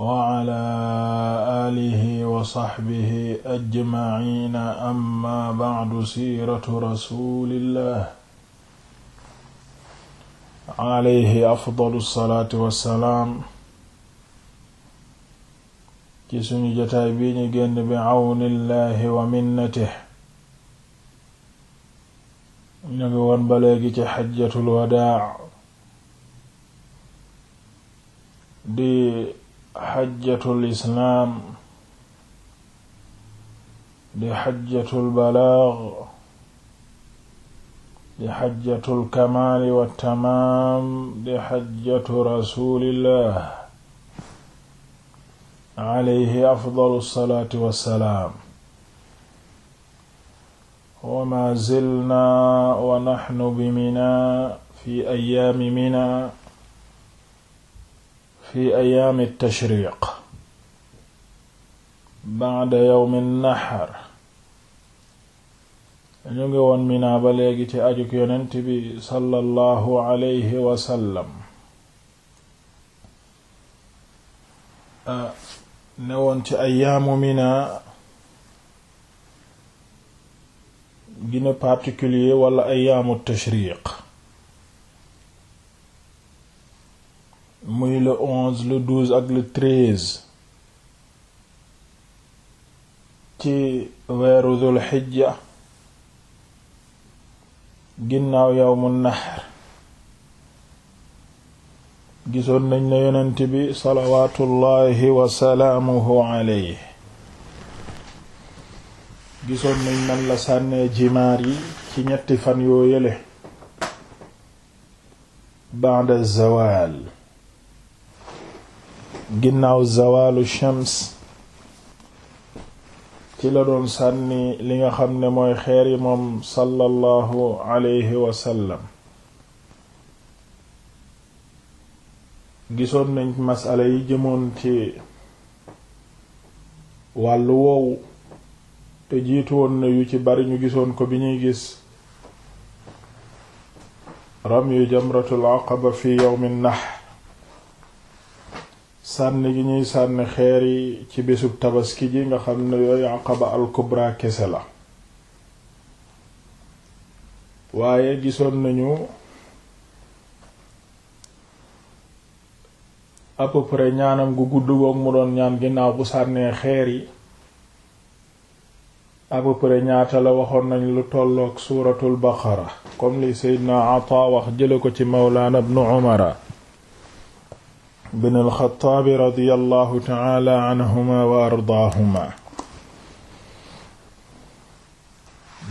wa ala alihi wa saxbihi ajmaciina amma bacdu siiratu rasulillah alayhi afdalu salaatu wassalaam ci suñu jotaay bii ñu génn bi cawnillahi wa minnatihi ñu ngi woon ba léegi ci xajjatul di xajjatul islaam di xajjatul balaag di xajjatul kamaali wa tamaam di xajjatu rasuulillah alayhi afdalu salaatu wa salaam. wa maa zilnaa wa naxnu bi minaa fi ayyaami minaa fi ayaami tashriq ba'da yawmi nahar ñu ngi woon Mina ba léegi ci ajug yonent bi sallallahu alayhi wa sallam ne woon ci ayaamu Mina gina particulier wala ayaamu tashriq muy le onze douze ak le treize ci weeru dul xijja ginnaaw yawmu naxr gisoon nañ ne yonent bi salawaatullaahi wasalaamuhu alayhi gisoon nañ nan la sànnee jimaar yi ci ñetti fan yoo yële ba'da zawaal ginnaaw zawaalu shams ci la doon sànni li nga xam ne mooy xeer yi moom sallallahu alayhi wa sallam gisoon nañ masala yi jëmoon ci wàllu woowu te jiitu woon na yu ci bari ñu gisoon ko bi ñuy gis ramyu jamratul aqaba fi yawmin nahr sànni gi ñuy sànni xeer yi ci bésub tabaski ji nga xam ne yooyu Aqaba al kese la waaye gisoon nañu à peu près ñaanam gu gudd goog mu doon ñaan ginnaaw bu sànnee xeer yi à peu ñaata la waxoon nañ lu tolloog suuratul baqara comme li na Ata wax jële ko ci Mawlaana ibnu Umara bin alxataabi radiyallahu taala anhuma wa ardaahuma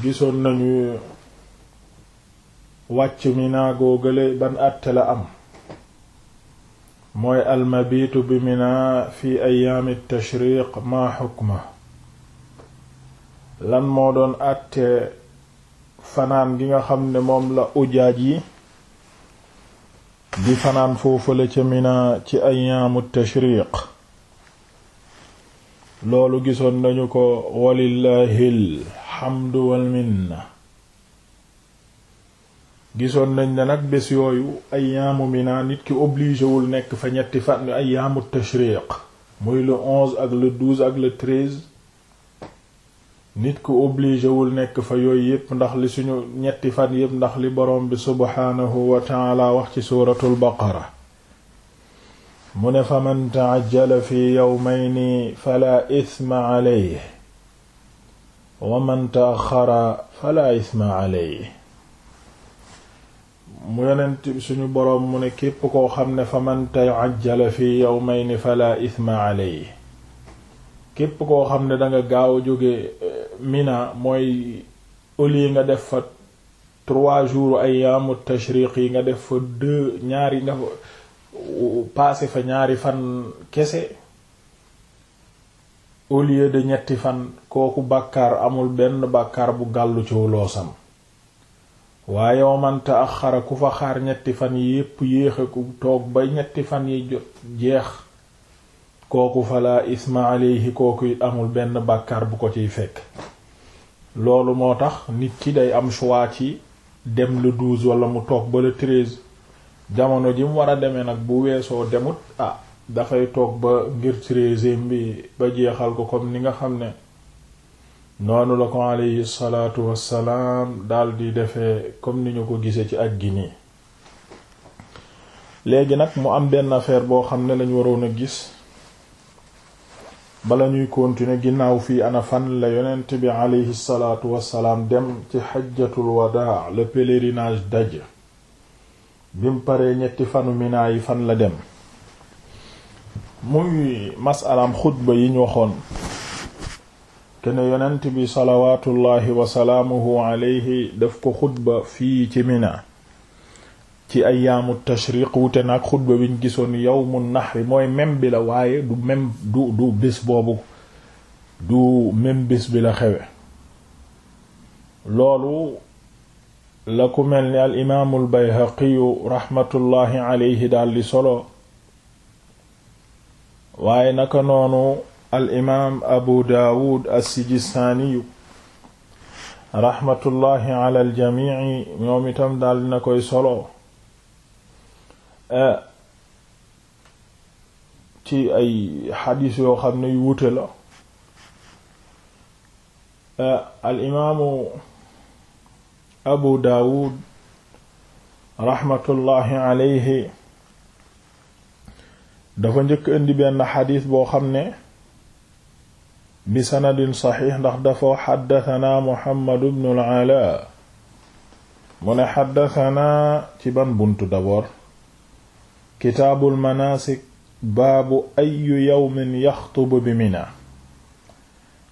gisoon nañu wàcc Mina googale ban àtte la am mooy almabiitu bi Mina fi ayaami tashriq maa xukma lan moo doon àtte fanaan gi nga xam ne moom la ujaaj yi di fanaan foofale ca Mina ci ayaamu tashriq loolu gisoon nañu ko walillaahi alxamdu walminna gisoon nañ ne nag bés yooyu ayaamu Mina nit ki obligé wul nekk fa ñetti fan ayaamu tashriq muy le ak le douze ak le treize nit ku obligé wul nekk fa yooyu yépp ndax li suñu ñetti fan yépp ndax li boroom bi subhaanahu wa taala wax ci suuratul baqara mu ne fa man taajjala fi yow fala isma alayhi wa man taaxara fala isma alayhi suñu boroom mu ne képp koo xam ne fa man taajjala fi yawmayni fala isma alayhi képp koo xam ne danga gaaw jóge Mina mooy oli nga def fa trois jours ayaamu tashriq yi nga def fa deux ñaari nga passé fa ñaari fan kese au de ñetti fan kooku bàkkaar amul benn bàkkaar bu gàllu ci loosam waaye man ta'axxara ku fa xaar ñetti fan yépp yéexe ku toog ba ñetti fan yi jot jeex kooku fa isma alayhi kooku amul benn bàkkaar bu ko ciy fekk loolu moo tax nit ci day am choix ci dem le douze walla mu toog ba le treize jamono ji mu war a demee nag bu weesoo demut a ah, dafay toog ba ngir treizième bi ba jeexal ko comme ni nga xam ne noonu la ko aleyhi salaatu wassalaam di defee comme ni ñu ko gisee ci ak gi nii léegi nag mu am benn affaire boo xam ne lañu waroon a gis bala ñuy continuer ginnaaw fii ana fan la yonent bi aleyhi salaatu wassalaam dem ci xajjatul wadaa le pèlerinage daj bim paree ñetti fanu minaa yi fan la dem muy masalaam xutba yi ñu waxoon kene yonent bi salawaatullaahi wasalaamuhu aleyhi def ko xutba fii ci mina ci ayaamu tashriq wute naag xutba bi ñu gisoon yawmu nahri mooy même bila waaye du même du du boobu du même bés bi xewe loolu la ku mel ni al imaamu al daldi solo waaye naka noonu al imaam abu daawud as-sijistaaniyu raxmatullaahi ala al jamii moom itam daldi na koy solo Euh, ci ay xadiis yoo xam ne yu wute la euh, al imaamu abu daawud raxmatullaahi aleyhi dafa njëkk indi benn xadiis boo xam ne bi sanadin saxiix ndax dafa xaddatanaa mu ne xaddatanaa ci ban bunt d'abord kitaabul manaasik baabu ayu yawmin yaxtubu bi mina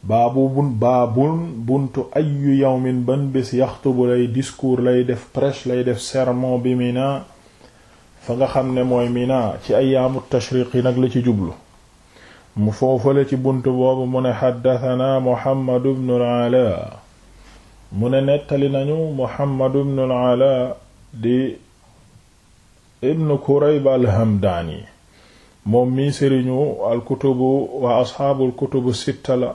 baabu bun baabun buntu ayu yawmin ban bés yaxtubu lay discours lay def prêche lay def sermon bi mina fa nga xam ne mooy mina ci ayaamu tashriq yi nag la ci jublu mu foofale ci buntu boobu mu ne xaddatanaa mu ne nettali nañu mohammadu bnul ala di ibn kurayb alhamdaani moom mii sëriñu alkutubu wa asxaabul kutubu sitta la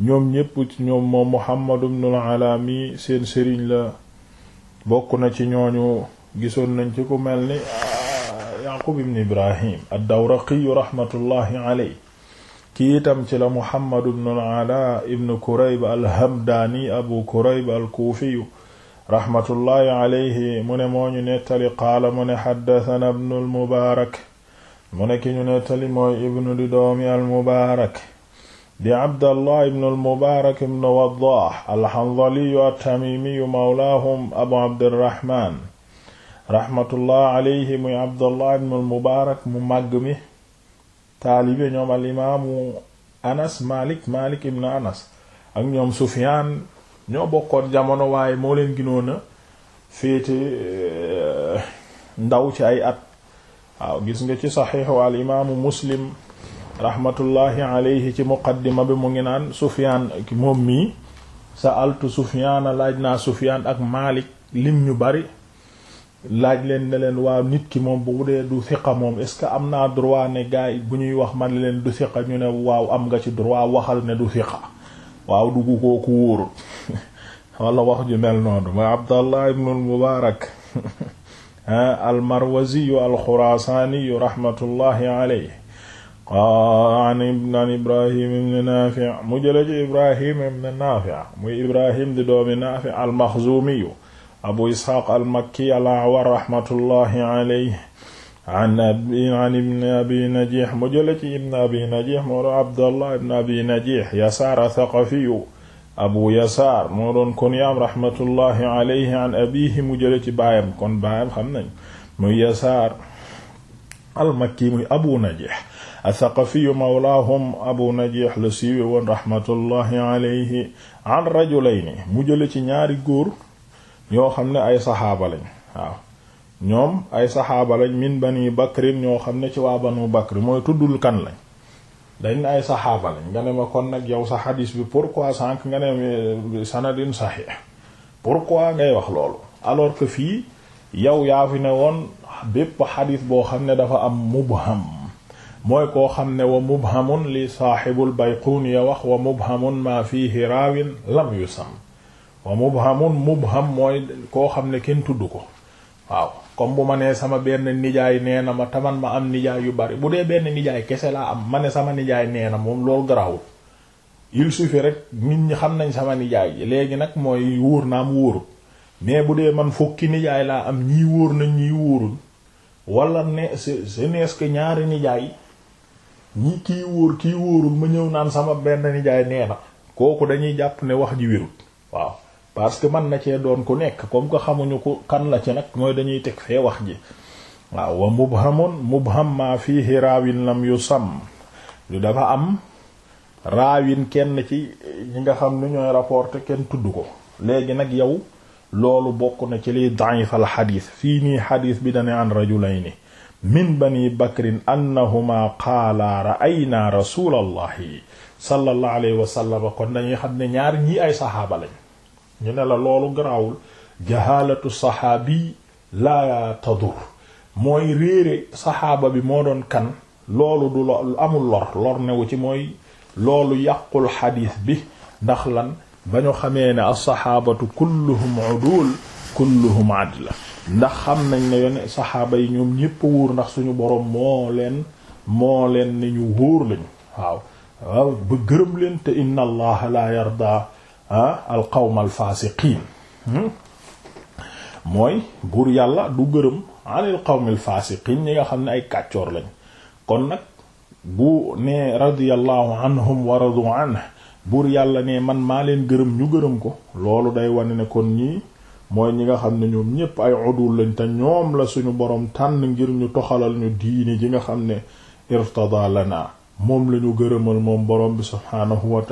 ñoom ñépp ñoom moom muhammadu ibnul ala mi seen sëriñ la bokk na ci ñooñu gisoon nañ ci ku mel ni ah, yaqub ibn ibrahim addawraqiyu rahmatullahi aley kii itam ci la muhammadu ibnul ala ibn kurayb alhamdaani abu kurayb alkuufiyu raxmatullahi alayhi mu ne moo ñu nettali qaala mu ne xaddatana ibnu almubaarak mu ne ki ñu nettali mooy ibnu di doomi almubaarak di abdallah ibnu almubaarak ibnu waddah alxandaliyu attamimiyu mawlaahum abu abdirahmaan raxmatullah alayhi muy abdallah ibnu almubaarak mu màgg mi taalibe ñoom alimaamu anas maalik maalik ibnu anas ak ñoom sufyaan ñoo bokkoon jamono waaye moo leen ginoon a féete eh, ndaw ci ay at waaw gis nga ci saxiixu al imaamu muslim rahmatullahi alayhi ci muqaddima bi mu ngi naan sufyaan moom mii sa altu sufyaana laaj naa sufyaan ak maalik lim ñu bari laaj leen ne leen waaw nit ki moom bu dee du thiqa moom est ce que am naa droit ne gaay bu ñuy wax man leen du thiqa ñu ne waaw am nga ci droit waxal ne du thiqa waaw du ko ku wóorul wala wax ju mel noonu ma Abdallah ibn al-Mubarak al-Marwaziyu al-Xuraasaaniyu rahmatullahi alayhi an Ibrahim ibn Naafi' mu jële ci Ibrahim ibn Naafi' muy Ibrahim di doomi Naafi' al-Maxzuumiyu Abu Isxaaq al-Makki al-A'war rahmatullahi alayhi an abi an ibni abi najih mu jële ci ibni abi najih moo doon abdallah ibni abi najih yasaar athaqafiyu abu yasaar moo doon kunyaam rahmatullahi alayhi an abihi mu jële ci baayam kon baayam xam nañ muy yasaar almakki muy abu najih athaqafiyu mawlaahum abu najih la siiwe woon rahmatullahi alayhi an rajulayni mu jële ci ñaari góor yoo xam ne ay saxaaba lañ waaw ñoom ay saxaaba lañ min bani bakrin ñoo xam ne ci waa banu bakri mooy tuddul kan lañ dañ ne ay saxaaba lañ nga ne ma kon nag yow sa xadiis bi pourquoi sànq nga ne sanadin saxiix pourquoi ngay wax loolu alors que fii yow yaa fi ne woon bépp xadiis boo xam ne dafa am mubham mooy koo xam ne wa mubhamun li saaxibul bayquun ya wax wa mubhamun ma mubham mooy koo xam ne kenn tudd ko waaw comme bu ma nee sama benn nijaay nee na ma taman ma am nijaay yu bari bu dee benn nijaay kese laa am ma ne sama nijaay nee na moom loolu garawul il suffit rek nit ñi xam nañ sama nijaay ji léegi nag mooy wóor naa mu wóorul mais bu dee man fukki nijaay laa am ñii wóor nañ ñii wóorul wala ne ce nees que ñaari nijaay ñi kii wóor kii wóorul ma ñëw naan sama benn nijaay nee na kooku dañuy jàpp ne wax ji wérut waaw parce que man na cee doon ku nekk comme que xamuñu ko kan la ci nag mooy dañuy teg fee wax ji waaw wa mubhamun mubham ma fihi raawin lam yusam lu dafa am raawin kenn ci ñi nga xam ni ñooy rapporté kenn tudd ko léegi nag yow loolu bokk na ci liy da'ifal xadiis fii nii xadiis bi dane an rajulayni min bani bakrin annahuma qaalaa ra'aynaa rasulallahi sallallahu alayhi wa sallam kon dañuy xam ne ñaar ñii ay saxaaba lañ ñu ne la loolu garaawul jahalatu saxaabi la tadur mooy réere saxaaba bi moo doon kan loolu du lo amul lor lor newu ci mooy loolu yàqul xadiis bi ndax lan ba ñu xamee ne alsaxaabatu kulluhum udul kulluhum adla ndax xam nañ ne yoon saxaaba yi ñoom ñépp wóor ndax suñu boroom moo leen moo leen ne ñu wuur lañu waaw ba gërëm leen te inna allaha la yarda al qawm al fasiqin hmm? mooy buur yàlla du gërëm anil qawm al fasiqin ñi nga xam ne ay kàccoor lañ kon nag bu ne radiyallahu anhum wa radu anhu buur yàlla ne man maa leen gërëm ñu gërëm ko loolu day wane ne kon ñii mooy ñi nga xam ne ñoom ñépp ay udul lañ te ñoom la suñu boroom tànn ngir ñu toxalal ñu diini ji nga xam ne irtada lana moom lañu ñu gërëmal moom borom bi subhaanahu wa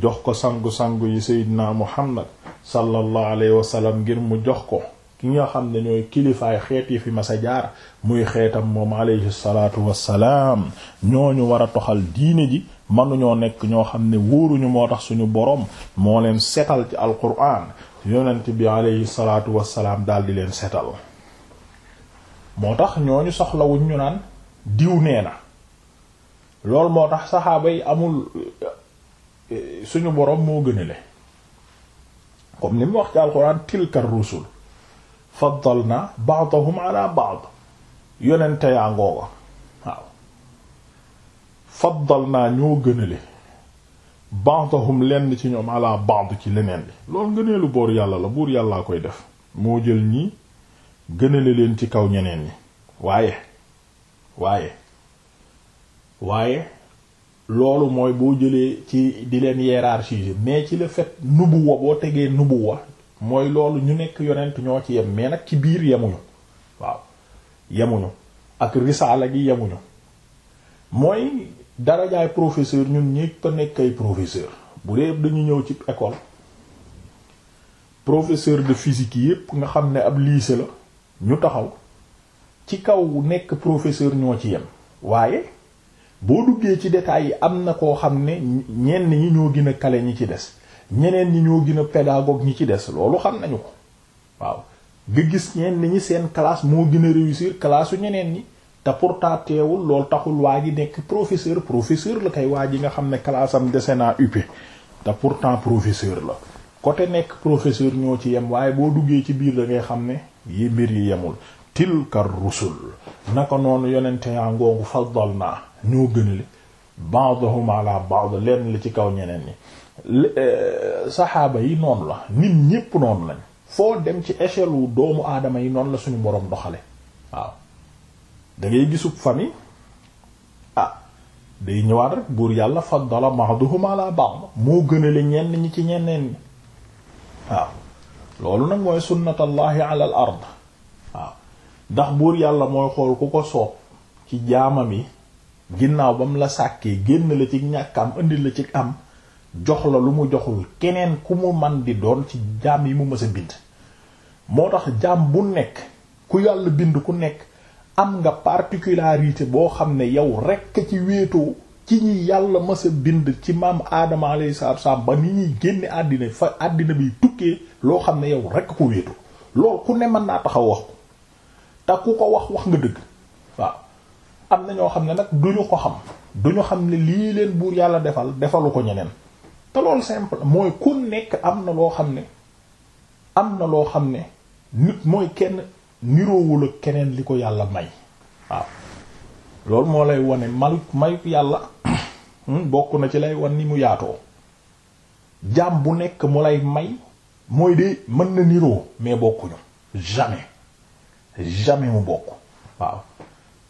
jox ko sangu-sangu yi seydina muhammad sallallahu alayhi wa sallam ngir mu jox ko ki nga xam ne ñooy kilifaay xeet yi fi masa jaar muy xeetam moom alayhi salaatu wassalaam ñooñu war a toxal diine ji mënuñoo nekk ñoo xam ne wóoruñu moo tax suñu boroom moo leen setal ci alquran yonent bi alayhi salaatu wassalaam daal di leen setal moo tax ñooñu soxlawuñ ñu naan diw nee na loolu moo tax saxaaba yi amul suñu boroom moo gënale comme ni mu wax ci alxuraan tilkar rusul faddalna ba'dahum ala ba'd yonente yaa ngooga waaw faddalna ñoo gënale ba'dahum lenn ci ñoom ala ba'd ci leneen li loolu ngëneelu boor yàlla la buur yàllaa koy def moo jël ñi gënale leen ci kaw ñeneen ñi waaye waaye waaye loolu mooy boo jëlee ci di leen hiérarchiser mais ci le fait nubuwa boo tegee nubuwa mooy loolu ñu nekk yonent ñoo ci yem mais nag ci biir yemuñu waaw yemuñu ak risaala gi yemuñu mooy darajaay professeur ñun ñépp a nekk ay professeur bu dee dañu ñëw ci école professeur de physique yépp nga xam ne ab lycée la ñu taxaw ci kaw nekk professeur ñoo ci yem waaye boo duggee ci détails yi am na koo xam ne ñenn ñi ñoo gën a kale ñi ci des ñeneen ñi ñoo gën a pédagogue ñi ci des loolu xam nañu ko waaw nga gis ñenn ñi seen classe moo gën a réussir classe su ñeneen ñi te pourtant teewul loolu taxul waa ji nekk professeur professeur la kay waa ji nga xam ne classe am dese naa UP te pourtant professeur la côté nekk professeur ñoo ci yem waaye boo duggee ci biir da ngay xam ne yi mbir yi yemul tilkar rusul naka noonu yonente yaa ngoongu faddal naa ñoo gënale ba'dhum ala ba'd lenn li ci kaw ñeneen ñi euh, saxaaba yi noonu la nit ñépp noonu lañ foo dem ci échelle doomu aadama yi noonu la suñu boroom doxale waaw da ngay gisub famille ah day ñëwaat rek buur yàlla faddala ba'dhum ala ba'd moo gënale ñenn ñi ci ñeneen ñi waaw loolu nag mooy sunnatallahi ala al waaw ndax buur yàlla mooy xool ku ko soob ci jaamam yi ginnaaw ba mu la sàkkee génn la ci ñàkk am indi la ci am jox la lu mu joxul keneen ku mu man di doon ci jaam yi mu mës a bind moo tax jaam bu nekk ku yàlla bind ku nekk am nga particularité boo xam ne yow rekk ci wéetoo ci ñu yàlla mës bind ci maam aadama alayhi salaatu ba ni ñuy génne àddina fa àddina bi tukkee loo xam ne yow rekk ko wéetoo loolu ku ne mën naa taxaw wax ko te ku ko wax wax nga dëgg waaw am na ñoo xam ne nag duñu ko xam duñu xam ne lii leen buur yàlla defal defalu ko ñeneen te loolu simple mooy ku nekk am na loo xam ne am na loo xam ne nit mooy kenn niroowul keneen li ko yàlla may waaw loolu moo lay wane maluk mayuk yàlla hmm, bokk na ci lay wan ni mu yaatoo jaam bu nekk mu lay may mooy de mën na niroo mais bokkuñu jamais jamais mu bokk waaw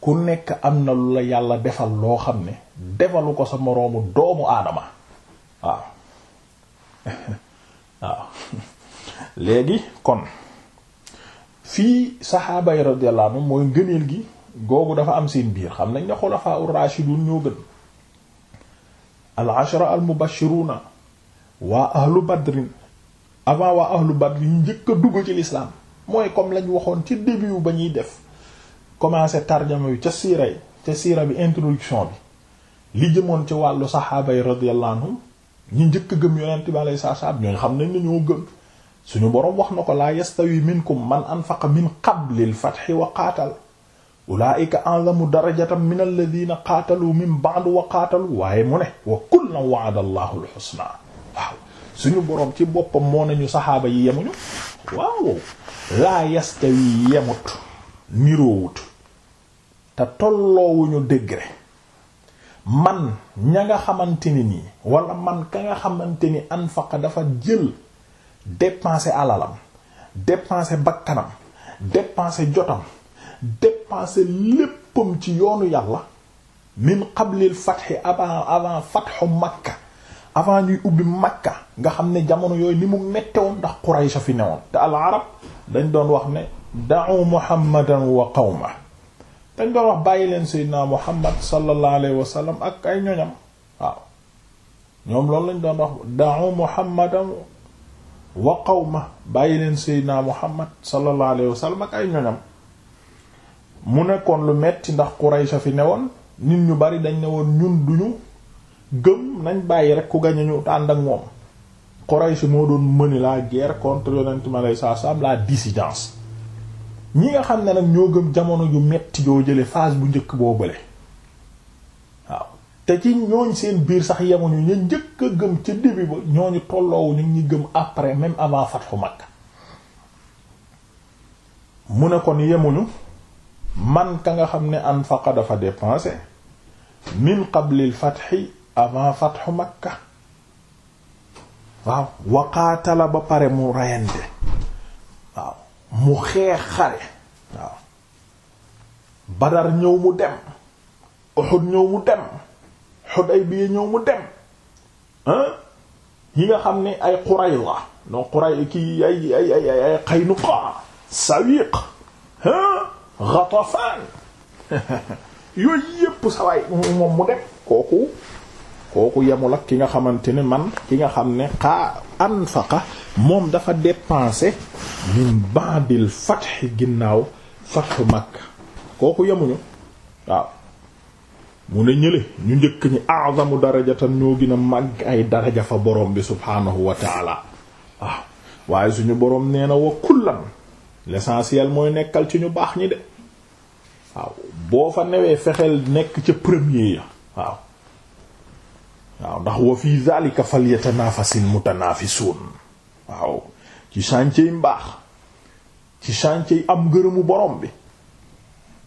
ku nekk am na lu la yàlla defal loo xam ne defalu ko sa moroomu doomu aadama waaw waaw léegi kon fii saxaaba yi radiyallahu anhum mooy ngëneel gi googu dafa am seen biir xam nañ ne xulafaa ur-rashidun ñoo gën al ashra al mubashiruna waa ahlu badrin avant waa ahlu badrin njëkk a dugg ci l'islam mooy comme lañu waxoon ci début ba ñuy def commencé tarjama bi ca siira yi ca siira bi introduction bi li jëmoon ci wàllu saxaaba yi radiyallahu anhum ñi njëkk gëm yonent bi alayhi salaam ñooñu xam nañ ñu ñoo gëm suñu boroom wax na ko la yastawi minkum man anfaqa min qabli al-fathi wa qaatal ulaa'ika a'zamu darajatan min alladhina qaatalu min ba'du wa qaatalu waaye mu ne wa kullan wa'ada Allahu al waaw suñu boroom ci boppam moo nañu saxaaba yi yemuñu waaw laa yastawi yemut niroowut te tolloowuñu degré man ña nga xamante ni nii wala man ka nga xamante ni anfaqa dafa jël dépenser alalam dépenser bakkanam dépenser jotam dépenser léppam ci yoonu yàlla min qablil fatxi avant avant fatxu makka avant ñuy ubbi makka nga xam ne jamono yooyu li mu mettewoon ndax Quraysh fi newoon te al arab dañ doon wax ne da'u muhammadan wa qawma dañ doon wax bàyyi leen seydinaa muhammad sallallahu alayhi wa sallam ak ay ñoñam waaw ñoom loolu lañ doon wax da'u muhammadan wa qawma bàyyi leen seydinaa muhammad sallallahu alayhi wa sallam ak ay ñoñam mu nekkoon lu metti ndax Quraysh fi newoon nit ñu bari dañ ne woon ñun duñu gëm nañ bàyyi rek ku gañe ñu ànd ak moom Quraysh moo doon mener la guerre contre yonent mi alayhi salaam la dissidence ñi nga xam ne nag ñoo gëm jamono ju metti joo jële phase bu njëkk boo bële waaw te ci ñooñ seen biir sax yemuñu ñu njëkk a gëm ci début ba ñooñu tolloowu ñu ñi gëm après même avant fatxu Makka mu ne kon yemuñu man ka nga xam ne anfaqa dafa dépensé min qablil fatxi avant fatxu Makka waaw waqaatala ba pare mu reyante mu xeex xare waaw badar ñëw mu dem Uhud ñëw mu dem Hudaybiya ñëw mu dem yi nga xam ni ay Qurayza non Qurayza ki ay ay ay ay Qaynuqa Sawiq Ghatafan yooyu yépp sawaay moom mu dem kooku kooku yemul ak ki nga xamante ne man ki nga xam ne xaa anfaqa moom dafa dépensé min ba'dil fath ginnaaw fathu Makka kooku yemuñu waaw mu ne ñële ñu njëkk ñi a'zamu darajatan ñoo gën a màgg ay daraja fa borom bi subhaanahu wa taala waaw waaye suñu borom nee na wa kullan l'essentiel mooy nekkal ci ñu baax ñi de waaw boo fa newee fexeel nekk ca premier ya waaw waaw ndax wa fi zalika falyatanafasil mutanafisun waaw ci chantier mbaax ci chantier am ngërëmu borom bi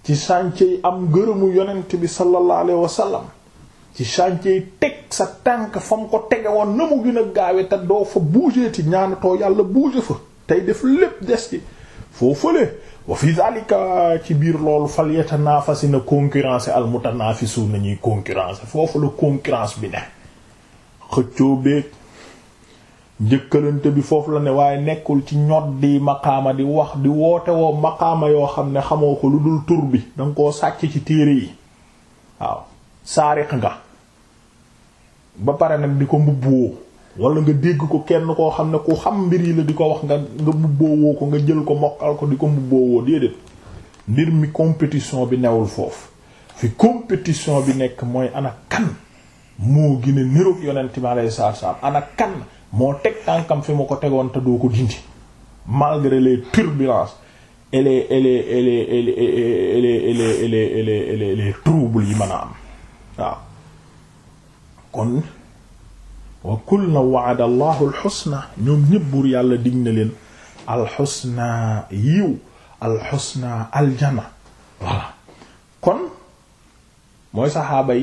ci chantier am ngërëmu yonent bi sallallahu alayhi wa sallam ci chantier teg sa tànk fa mu ko tege woon na mu gën gaawe te doo fa bouger ti ñaanatoo yàlla bouger fa tey def lépp des ci foo fële wa fi zalika ci biir loolu fal yatanaafasi na concurrence al mutanaafisu nañuy concurrence foofu la concurrence bi ne xëccoo beeg jëkkalante bi foofu la ne waaye nekkul ci ñod di maqaama di wax di woote woo maqaama yoo xam ne xamoo ko lu dul tur bi danga koo sàcc ci téere yi waaw saariq nga ba pare nag di ko mbubboo wala nga dégg ko kenn koo xam ne ku xam mbir yi la di ko wax nga nga mbubboo ko nga jël ko mokkal ko di ko mbubboo déedéet mbir mi compétition bi newul foofu fi compétition bi nekk mooy ana kan moo gën a niroog yonent mi alayhi salaatu salaam ana kan moo teg tànkam fi mu ko tegoon te doo ko dindi malgré les turbulences et les et les et les yi mën a kon wa kullan wa'ada Allahu al-husna ñoom ñëpp buur yàlla dig leen al-husna yiw al-husna aljanna voilà kon mooy saxaaba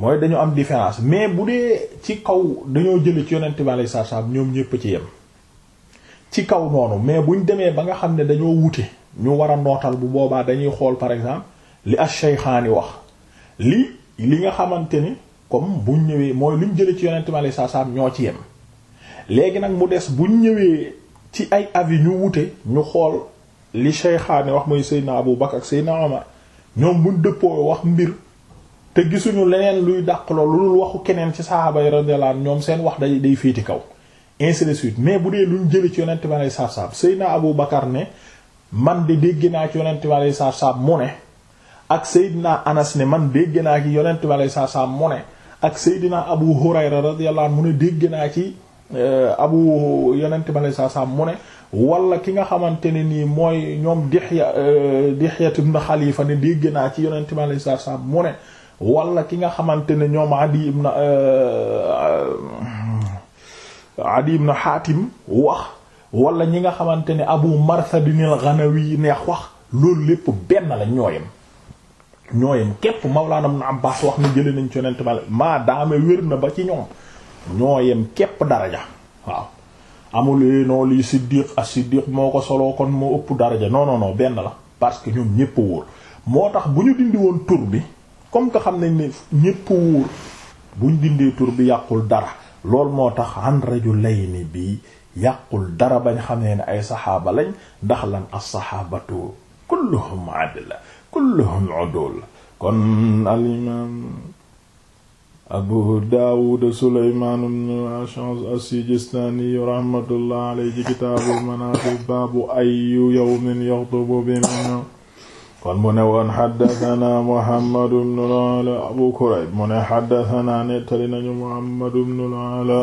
mooy dañu am différence mais bu dee ci kaw dañoo jële ci yonent bi alayhi ñoom ñépp ci yem ci kaw noonu mais buñ demee ba nga xam ne dañoo wute ñu war a nootal bu boobaa dañuy xool par exemple li ash-Shaykhaani wax li li nga xamante ni comme buñ ñëwee mooy luñ jële ci yonent bi alayhi salaam ñoo ci yem léegi nag mu des buñ ñëwee ci ay avis ñu wute ñu xool li Shaykhaani wax mooy Seydina Abu Bakr ak Seydina Omar ñoom buñ dëppoo wax mbir te gisuñu leneen luy dàq loolu lu waxu keneen ci saxaaba yi radiyallahu ñoom seen wax day day féeti kaw ainsi de mais bu dee luñ jële ci yonent ma alayhi salaatu salaam Seydina Abu man de dégg naa ci yonent bi alayhi salaatu salaam mu ne ak seydinaa Anas ne man dégg naa ci yonent bi alayhi salaatu salaam ak Seydina Abu Hurayra radiyallahu mu ne dégg naa ci euh, Abu yonent bi alayhi salaatu salaam mu ne wala ki nga xamante ne nii mooy ñoom ya Dihya euh, Dihya ibn Khalifa ne dégg naa ci yonent bi alayhi salaatu salaam mu ne wala ki nga xamante ne ñoom Adi ibn euh, euh, Adi ibn Hatim wax wala ñi nga xamante ne Abu Marsad al-Ghanawi neex wax loolu lépp benn la ñooyam ñooyam képp Mawlana Ibn wax ni jëlee nañ ci nent mal maa na ba ci ñoom ñooyam képp daraja waaw amul non lii Siddiq ak Siddiq moo ko soloo kon moo ëpp daraja non non benn la parce que ñoom ñépp wóor moo tax bu ñu dindi woon tur bi comme que xam nañ ne ñépp wóor buñ dindee tur bi yàqul dara lool moo tax an rajulayni bi yàqul dara bañ xam ne ay saxaaba lañ ndax lan as-saxaabatu kulluhum adla kulluhum udul kon al imam abu daawud suleymaan ibn ash'ath as-sijistani rahmatullah alayhi kitaabul manaaqib baabu ayyu yawmin yaxtubu bi kon mu ne woon xaddatanaa mohammadu bnul ala abu kurayb mu ne xaddatanaa nettali nañu mohammadu bnul ala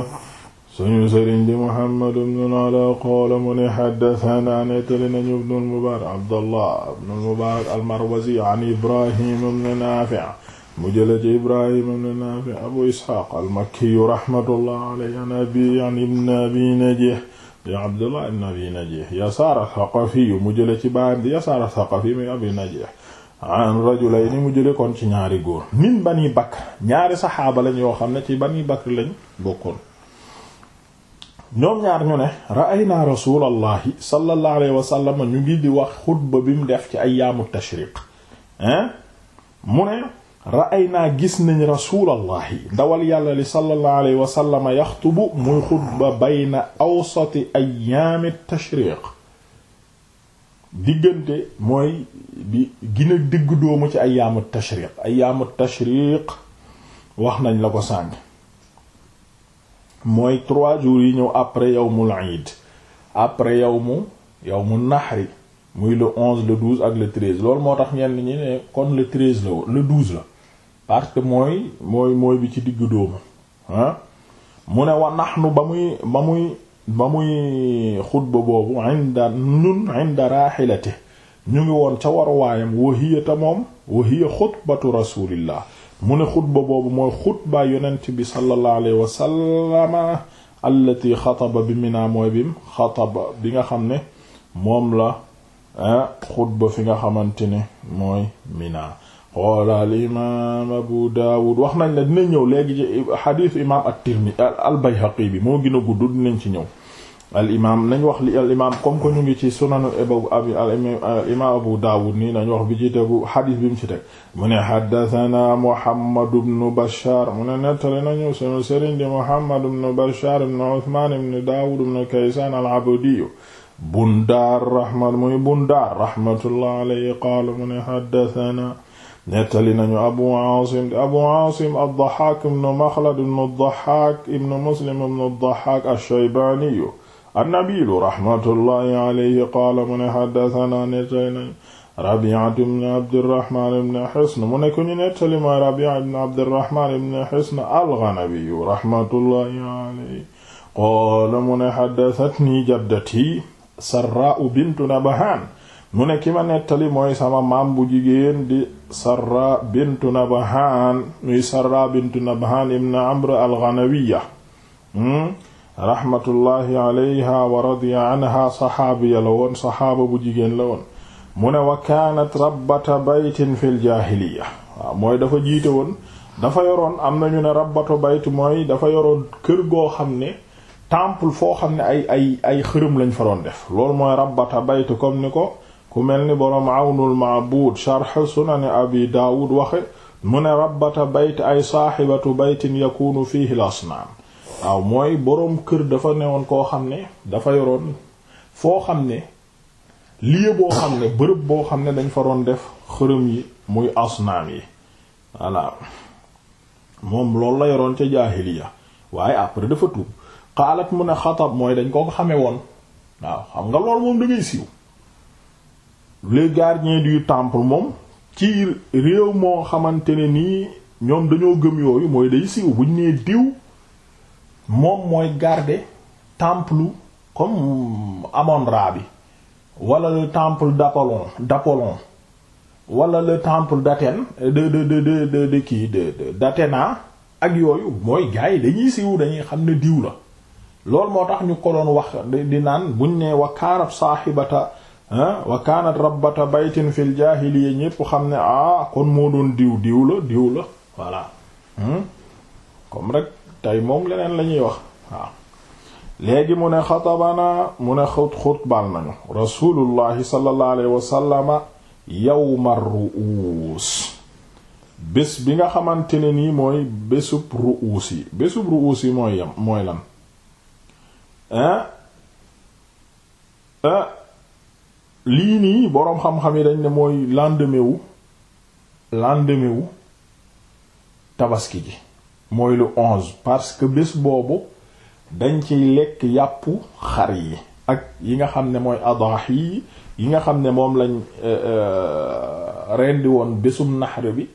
suñu sëriñ di mohammadu bnul ala qoola mu ne xaddatanaa nettali nañu bnul mubaarak abdallah bnul mubaarak almarwazi an ibrahim bnu naafi mu jële ci ibrahim bnu naafi abu isxaaq almakkiyu raxmatullah alayhi an abi an ibn abi najih di Abdullah ibn Abi Najih Yasaar Ath-Thaqafi mu jële ci baayam di Yasaar Ath-Thaqafi muy Abi Najih an rajulayni mu jële kon ci ñaari góor min Bani Bakr ñaari saxaaba lañ yoo xam ne ci Bani Bakr lañ bokkoon ñoom ñaar ñu ne ra'aynaa Rasuulallahi sallallahu alayhi wa sallam ñu ngi di wax xutba bi mu def ci ayyaamu tashriq hein mu ne ra'aynaa gis nañ rasulallahi dawal yàlla li sallallahu alayhi wa sallam yaxtubu muy xutba bayna awsati ayyaami tashriq diggante mooy bi gën a diggu doomu ci ayyaamu tashriq ayyaamu tashriq wax nañ la ko sàng mooy trois jours yi ñëw après yawmul iid après yawmu yawmu nahri muy le onze le douze ak le treize loolu moo tax ñenn ñi ne kon le treize le la parce que mooy mooy mooy bi ci diggu dóomu mu ne waa nahnu ba muy ba muy ba muy xutba boobu inda ñun ñu ngi woon ca waruwaayam wahiya ta moom wahiya xutbatu rasulillah mu ne xutba boobu mooy xutba yonent bi sallallahu alayhi wa sallama allati bi mina mooy bim xataba bi nga xam ne moom la xutba fi nga xamante ne mooy mina qaala al imaam abu daawud wax nañ la dina ñëw léegi ci xadiis imaam at-Tirmidhi al bayhaqi bi moo gën a gudd dinañ ci ñëw al imaam nañ wax li al imaam comme que ñu ngi ci sunanu abi al imaam abu daawud nii nañ wax bi ci tegu xadiis bi mu ci teg mu ne xaddathana muhammad ibn bashar mu ne nettali nañu sunu sëriñ di muhammad ibn bashar ibn uthman ibn daawud ibn kaysaan al abdiyu bundaar rahmat muy bundaar rahmatullah alayhi qaala mu ne xaddathana nettali nañu abu aasim abu aasim ad-Dahhaak ibnu Maxlad ibnu ad-Dahhaak ibnu Muslim ibnu ad-Dahhaak ash-Shaybaaniyu an-Nabiilu raxmatullaahi alayhi qaala mu ne xaddasanaa nettali nañu Rabiica ibnu Abdirraxmaan ibnu Xisn mu ne ku ñu nettali mooy Rabiica ibnu Abdirraxmaan ibnu Xisn al-Ganabiyu raxmatullaahi alayhi qaala mu ne xaddasatnii jaddatii Sarraa bintu Nabhaan mu ne ki ma nettali mooy sama maam bu jigéen di Sarra bintu Nabhan muy Sarra bintu Nabhan ibn Amr al-Ghanawiyya hmm? rahmatullahi alayha wa radiya anha saxaabiya la woon saxaaba bu jigéen la woon mu ne wa kaanat rabbata baytin fil jaahiliya mooy dafa jiite woon dafa yoroon am nañu ne rabbata bayt mooy dafa yoroon kër goo xam ne temple foo xam ne ay ay ay xërëm lañu fa doon def loolu mooy rabbata bayt comme ni ko ku mel ni boroom awnul maabuud sharx sunani abi daawud waxe mu ne rabbata bayt ay saaxibatu baytin yakunu fii l asnaam waaw mooy boroom kër dafa newoon koo xam ne dafa yoroon foo xam ne lieu boo xam ne boo xam ne dañ fa def xërëm yi moom loolu la yoroon ca jaahiliya waaye après dafa tuub xaalat mu ne xatab mooy dañ ko xamee woon waaw xam nga lool moom da siiw les gardiens du temple moom ci réew moo xamante ne nii ñoom dañoo gëm yooyu mooy day siiw buñ nee diw moom mooy garder temple comme Amon-Ra bi wala le temple d'Apollon d'Apollon wala le temple d'Athènes de de de de de kii de d'Athéna ak yooyu mooy gars yi dañuy siiw dañuy xam ne diw la loolu moo tax ñu ko doon wax di naan buñ nee wa kaarab saaxibata wa kaanat rabbata baytin fil jaahiliya ñépp xam ne ah kon moo doon diw diw la diw la voilà hmm? comme rek tey moom leneen la ñuy wax waaw léegi mu ne xatabana mu ne xut xutbal nañu rasulullahi sallallahu alayhi wasallama ru'uus bés bi nga xamante ne nii mooy bésub ru'uus yi mooy yam mooy lan ah lii nii boroom xam-xam yi dañ ne mooy lendemain wu lendemain wu tabaski ji mooy lu onze parce que bés boobu dañ ciy lekk yàpp xar yi ak yi nga xam ne mooy adaax yi yi nga xam ne moom lañ euh, euh, rendi woon bésum naxare bi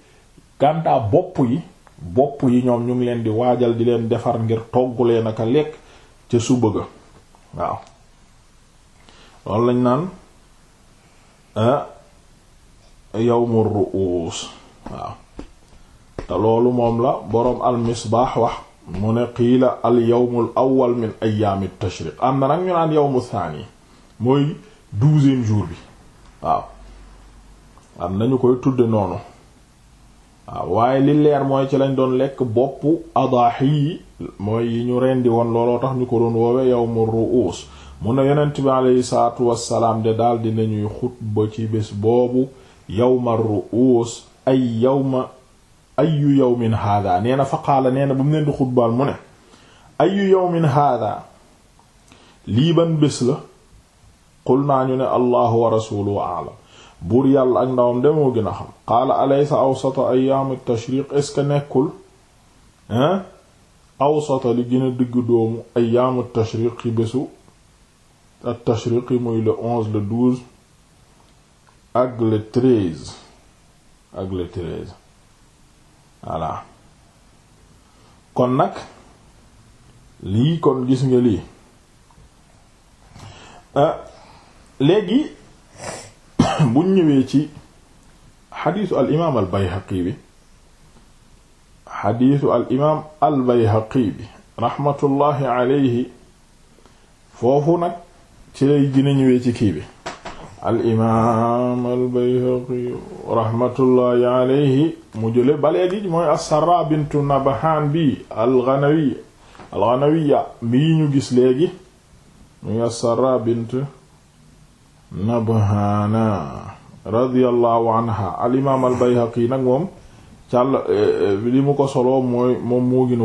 gàntaa bopp yi bopp yi ñoom ñu ngi leen di waajal di leen defar ngir toggulee naka lekk ca suba ga waaw loolu lañ naan Ah, yawmu ru'uus waaw te loolu moom la boroom almisbaax wax mu ne qiila al yawmul awwal min ayyaami tashriq am na nag ñu naan yawmu saani mooy douzième jour bi waaw am nañu koy tudd noonu waaw waaye li leer mooy ci lañ doon lekk boppu adaahi yi mooy yi ñu rendi woon looloo tax ñu ko doon woowe yawmu ru'uus mu ne yonent bi aleyhi salaatu wassalaam de daldi dina ñuy xutba ci bés boobu yawma ru'uus ay yawma ayu yawmin haada nee na fa qaala nee na bu mu leen di xutbaal mu ne ayu yawmin haada lii ban bés la qul naa ñu ne allahu wa rasuluhu yàlla ak ndawam de moo gën a xam qaala alaysa awsata ayyaam at-tashriq est-ce que nekkul hein awsata li gën a digg doomu ayyaam at-tashriq bésu ak tashriqi muy le onze le douze ak le treize ak voilà kon nag lii kon gis nga lii euh, léegi buñ ñëwee ci xadiisu al imaam al bayhaqi bi xadiisu al imaam al bayhaqi bi raxmatullahi alayhi foofu nag ci lay gën a ñëwee ci kii bi al imaam al mu jële ba léegi mooy as-Sarra bintu Nabhan bi al Ghanawi al Ghanawiya mii ñu gis léegi muy as-Sarra bint Nabhana nag moom càll eh, eh, li ko soloo mooy moom moo gën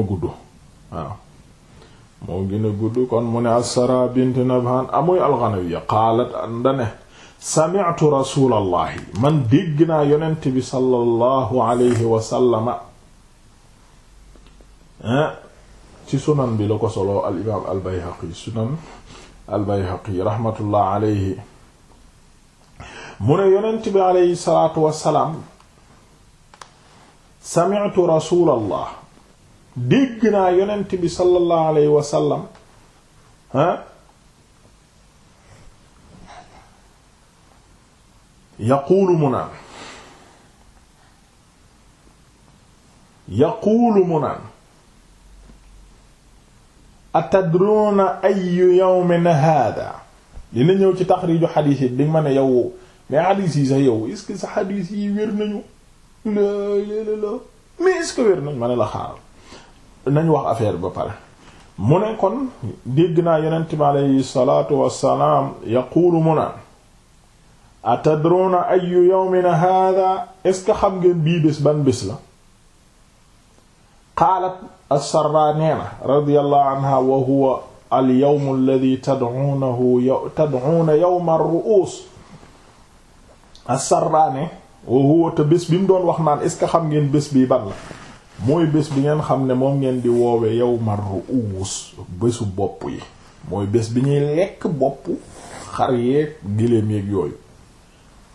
a moo gën a gudd kon mu ne assara bint nabhan amuy alxanawiya qaalat andane sami'tu rasulallahi man dégg naa yonent bi sallallahu alayhi wasallama eh, ci sunan bi la ko soloo al imaam al bayhaqi sunan al bayhaqi rahmatullah alayhi mu ne yonent bi alayhi salaatu wassalaam sami'tu rasulallah dégg naa yonent bi sallallahu alayhi wa sallam ah yaquulu mu naan yaquulu ay naan atadruna ayu yawmin hada dina ñëw ci taxriju xadiis yi di ma ne yow mais xadiis yi sax yow est-ce sa xadiis yi wér nañu la la la mais est-ce wér nañu ma la xaaral nañ wax affaire ba pare mu ne kon dégg naa yonent bi aleyhi salaatu wassalaam yaquulu mu naan atadruna ayu yawmina hada est-ce que xam ngeen bii bés ban bés la qaalat asarra nee na radiyallahu anha wa huwa alyawm alladhi tad'unahu tad'una yawm ar-ru'us asarra ne wa huwa te bés bi mu doon wax naan est-ce que xam ngeen bés bii ban la mooy bés bi ngeen xam ne moom ngeen di woowe yawma ru'uus bésu bopp yi mooy bés bi ñuy lekk bopp xar yeeg giléem yeeg yooyu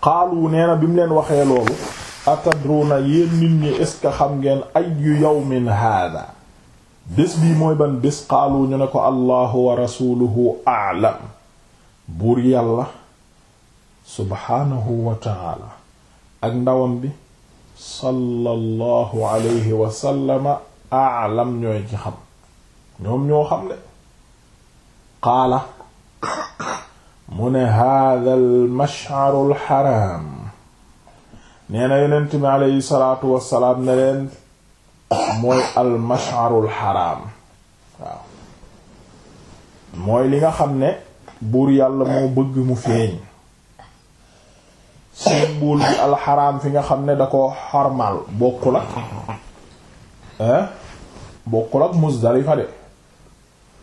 xaalu nee na bi mu leen waxee loolu na yéen nit ñi est ce que xam ngeen ayyu yawmin haada bés bii mooy ban bés xaalu ñu ne ko allahu wa rasuluhu aalam buur yàlla subhaanahu wa taala ak ndawam bi sallallahu alayhi wa sallama aalam ñooy ci xam ñoom ñoo xam ne qaala mu ne hada al mash'aru al xaraam nee na yonent bi aleyhi salaatu wassalaam ne leen mooy al mash'aru al xaraam waaw mooy li nga xam ne buur yàlla moo bëgg mu feeñ symbole bi alxaraam fi nga xam ne da ko xarmal bokkul ak hein bokkul ak Muzdalifa de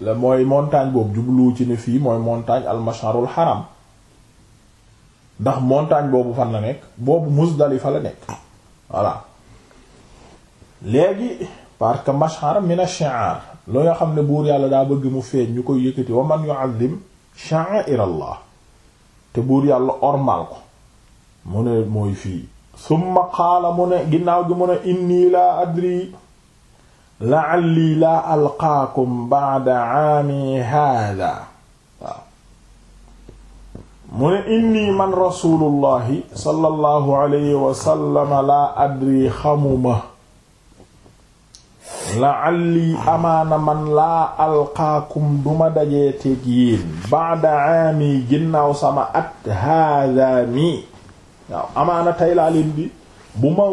la mooy montagne boobu jubluwu ci ne fii mooy montagne almasharul xaram ndax montagne boobu fan na nekk boobu Muzdalifa la nekk voilà léegi parce que mashar min ash-shi'ar loo nga xam ne buur yàlla daa bëgg mu feeñ ñu koy yëkkati wa man yu'azzim sha'a'ir Allah te buur yàlla ormal ko mu ne mooy fii summa qaala mu ne ginnaaw gi mu ne inni laa adri la'alli laa alqaakum ba'da 'aami haadaa waaw mu ne inni man rasulullahi sallallahu alayhi wa sallam laa adri xamuma la'alli amaana man laa alqaakum duma dajeeteeg yéen ba'da 'aami ginnaaw sama at haadaa mi waaw amaana tey laa leen bi bu ma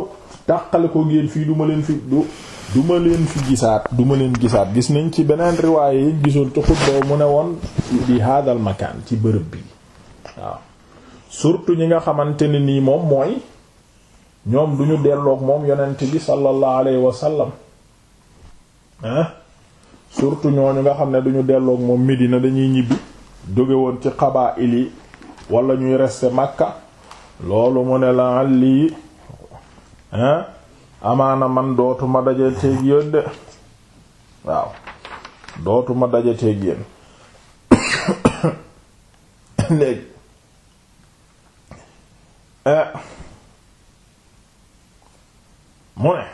tàqale ko ngeen fii du ma leen fi du du ma leen fi gisaat du ma leen gisaat gis nañ ci beneen riwaaye yi gisoon ci xutba mu ne woon di haadal makaan ci bërëb bi waaw surtout ñi nga xamante ne nii moom mooy ñoom du ñu delloog moom yonent bi sallallahu alayhi wa sallam ah surtout ñooñu nga xam ne duñu delloog moom Medina dañuy ñibbi jóge woon ci xabaa ili walla ñuy rester Makka loolu mu ne la àlli hein amaana man dootuma daje teeg yéen de waaw dootuma daja teeg yéen léegi eh. mu ne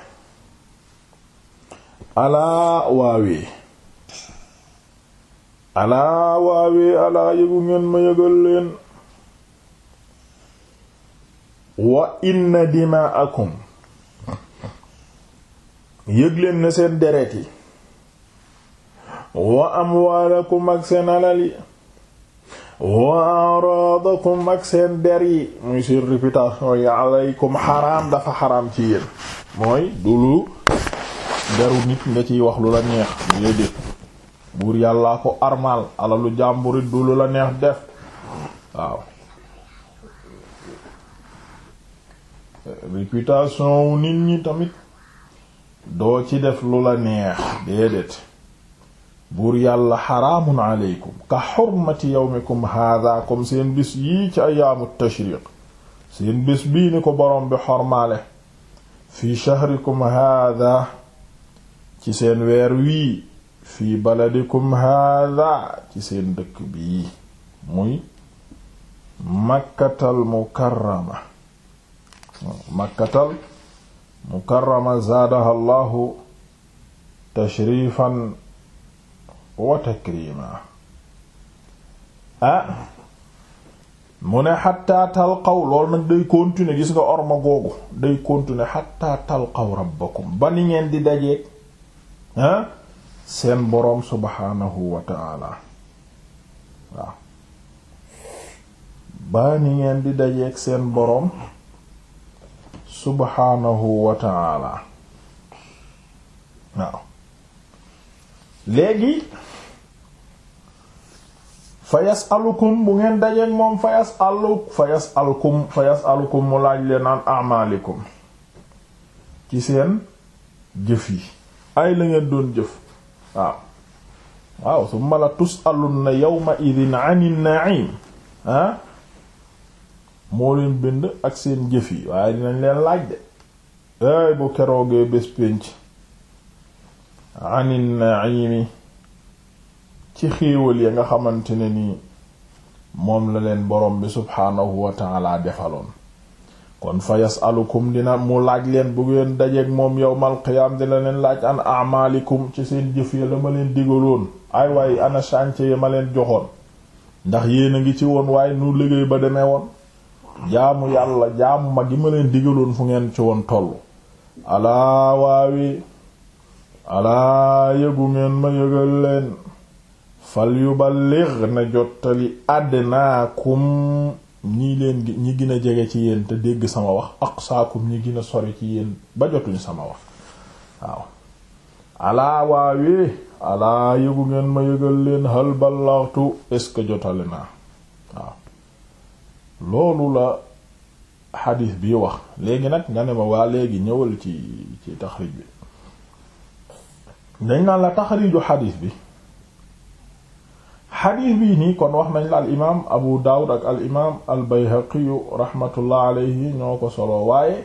alaa waawee alaa waawee alaa yëgu ngeen ma yëgal leen wa inna dimaakum yëg leen seen deret yi wa amwaalakum ak seen alal yi wa araadakum ak seen der yi muy seen réputation yi alaykum xaraam dafa xaraam ci yéen mooy du lu deru nit nga ciy wax lu la neex déedéet buur yàllaa ko armaal alalu jàmburit du lu la neex def waaw réputation wu nit ñi tamit doo ci def lu la neex déedéet buur yàlla xaraamun aleykum ka xurmati yawmikum haada comme seen bis yii ci ayaamu tashriq seen bis bii ni ko boroom bi xormaale fi shahrikum haada ci seen weer wii fi baladikum haada ci seen dëkk bii muy makkatal mukarrama makkatal mukarrama zaadaha llahu tashrifan wa takrima ah, mu ne xatta talqaw loolu nag day continuer gis nga orma googu day continuer xatta talqaw rabbakum ba ni ngeen di dajeeg ah seen boroom subhaanahu wa ba ni ngeen di dajeeg seen boroom subhaanahu wa taala waaw léegi fa yasalukum bu ngeen dajeek moom fa yasalukum fa yasalukum mu laaj leen an amalikum ci seen jëf yi ay la ngeen doon jëf waaw waaw summa la tusaluna yawma idin anin na'im ah moo leen bind ak seen jëf yi waaye dinañ leen laaj de ay bu keroogee bés pénc anin naimi ci xéewal ya nga xamante ne nii moom la leen borom bi subhaanahu wa taala defaloon kon fa yasalukum dina mu laaj leen bu ngeen dajeek moom yow yowmal qiyaam dina leen laaj an amalikum ci seen jëf ya la ma leen digaloon ay waaye ana chantier ya ma leen joxoon ndax yéen a ngi ci woon waaye nu liggéey ba demee woon jaamu yàlla jaamu mag gi ma leen digaloon fu ngeen ci woon tollu alaa waawi alaa yëgu ngeen ma yëgal leen fal yuballigh na jottali adnaakum ñi leen ñi gën jege ci yéen te dégg sama wax aqsaakum ñi gina a sori ci yéen ba jotuñ sama wax waaw alaa waawi alaa yëgu ngeen ma yëgal leen hal ballaghtu est-ce naa loolu la xadiis bi wax léegi nag nga ne ma waa léegi ñëwal ci ci taxrij bi dañ naan la taxriju xadiis bi xadiis bii nii kon wax nañ la al imaam abu daawud ak al imaam al bayhaqiyu raxmatullah alayhi ñoo ko solo waaye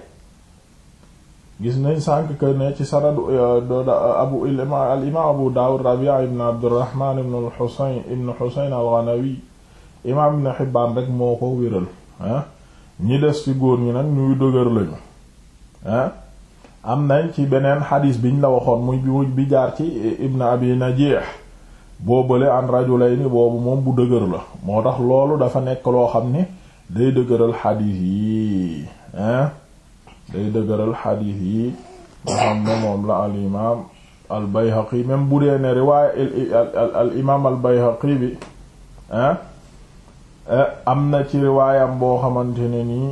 gis nañ sànk que ne ci sanadu euh, abu al imaam abu daawud rabia ibn abdurrahman ibn al ibn xuseyn al ghanawi imaam Ibn Hibbaan rek moo ko wéral ah. ñi des ci góor ñi nag ñuy dëgër lañu ah. am nañ ci beneen xadiis biñ la waxoon muy bi jaar ci Ibn Abi Najiih boobale an rajulayni boobu moom bu dëgër la moo tax loolu dafa nekk loo xam ne day dëgëral xadiis yi ah day dëgëral xadiis yi nga xam ne moom la al imaam al Bayhaqi même bu dee ne riwaaya al al imaam al Bayhaqi bi ah. Eh, am na ci riwaayam boo xamante ne nii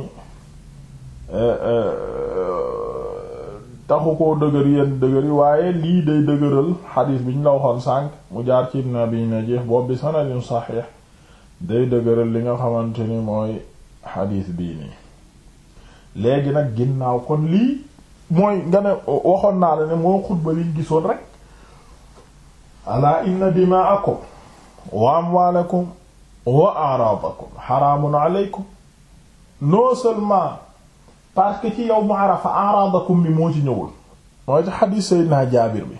eh, eh, taxu ko dëgër yenn dëgëri waaye lii day dëgëral xadiis bi ñu la waxoon sànq mu jaar ci ibn abi najih boobu bi sanadin saxiix day dëgëral li nga xamante ni mooy xadiis bii nii léegi nag ginnaaw kon lii mooy nga ne waxoon naa la ne moo xutba liñ gisoon rek alaa inna dimaakum wa amwaalakum wa a'radakum xaraamun aleykum non seulement parce que ci yawmu Arafa a'radakum bi moo ci ñëwul mooy ci xadiis Seydina Jaabir bi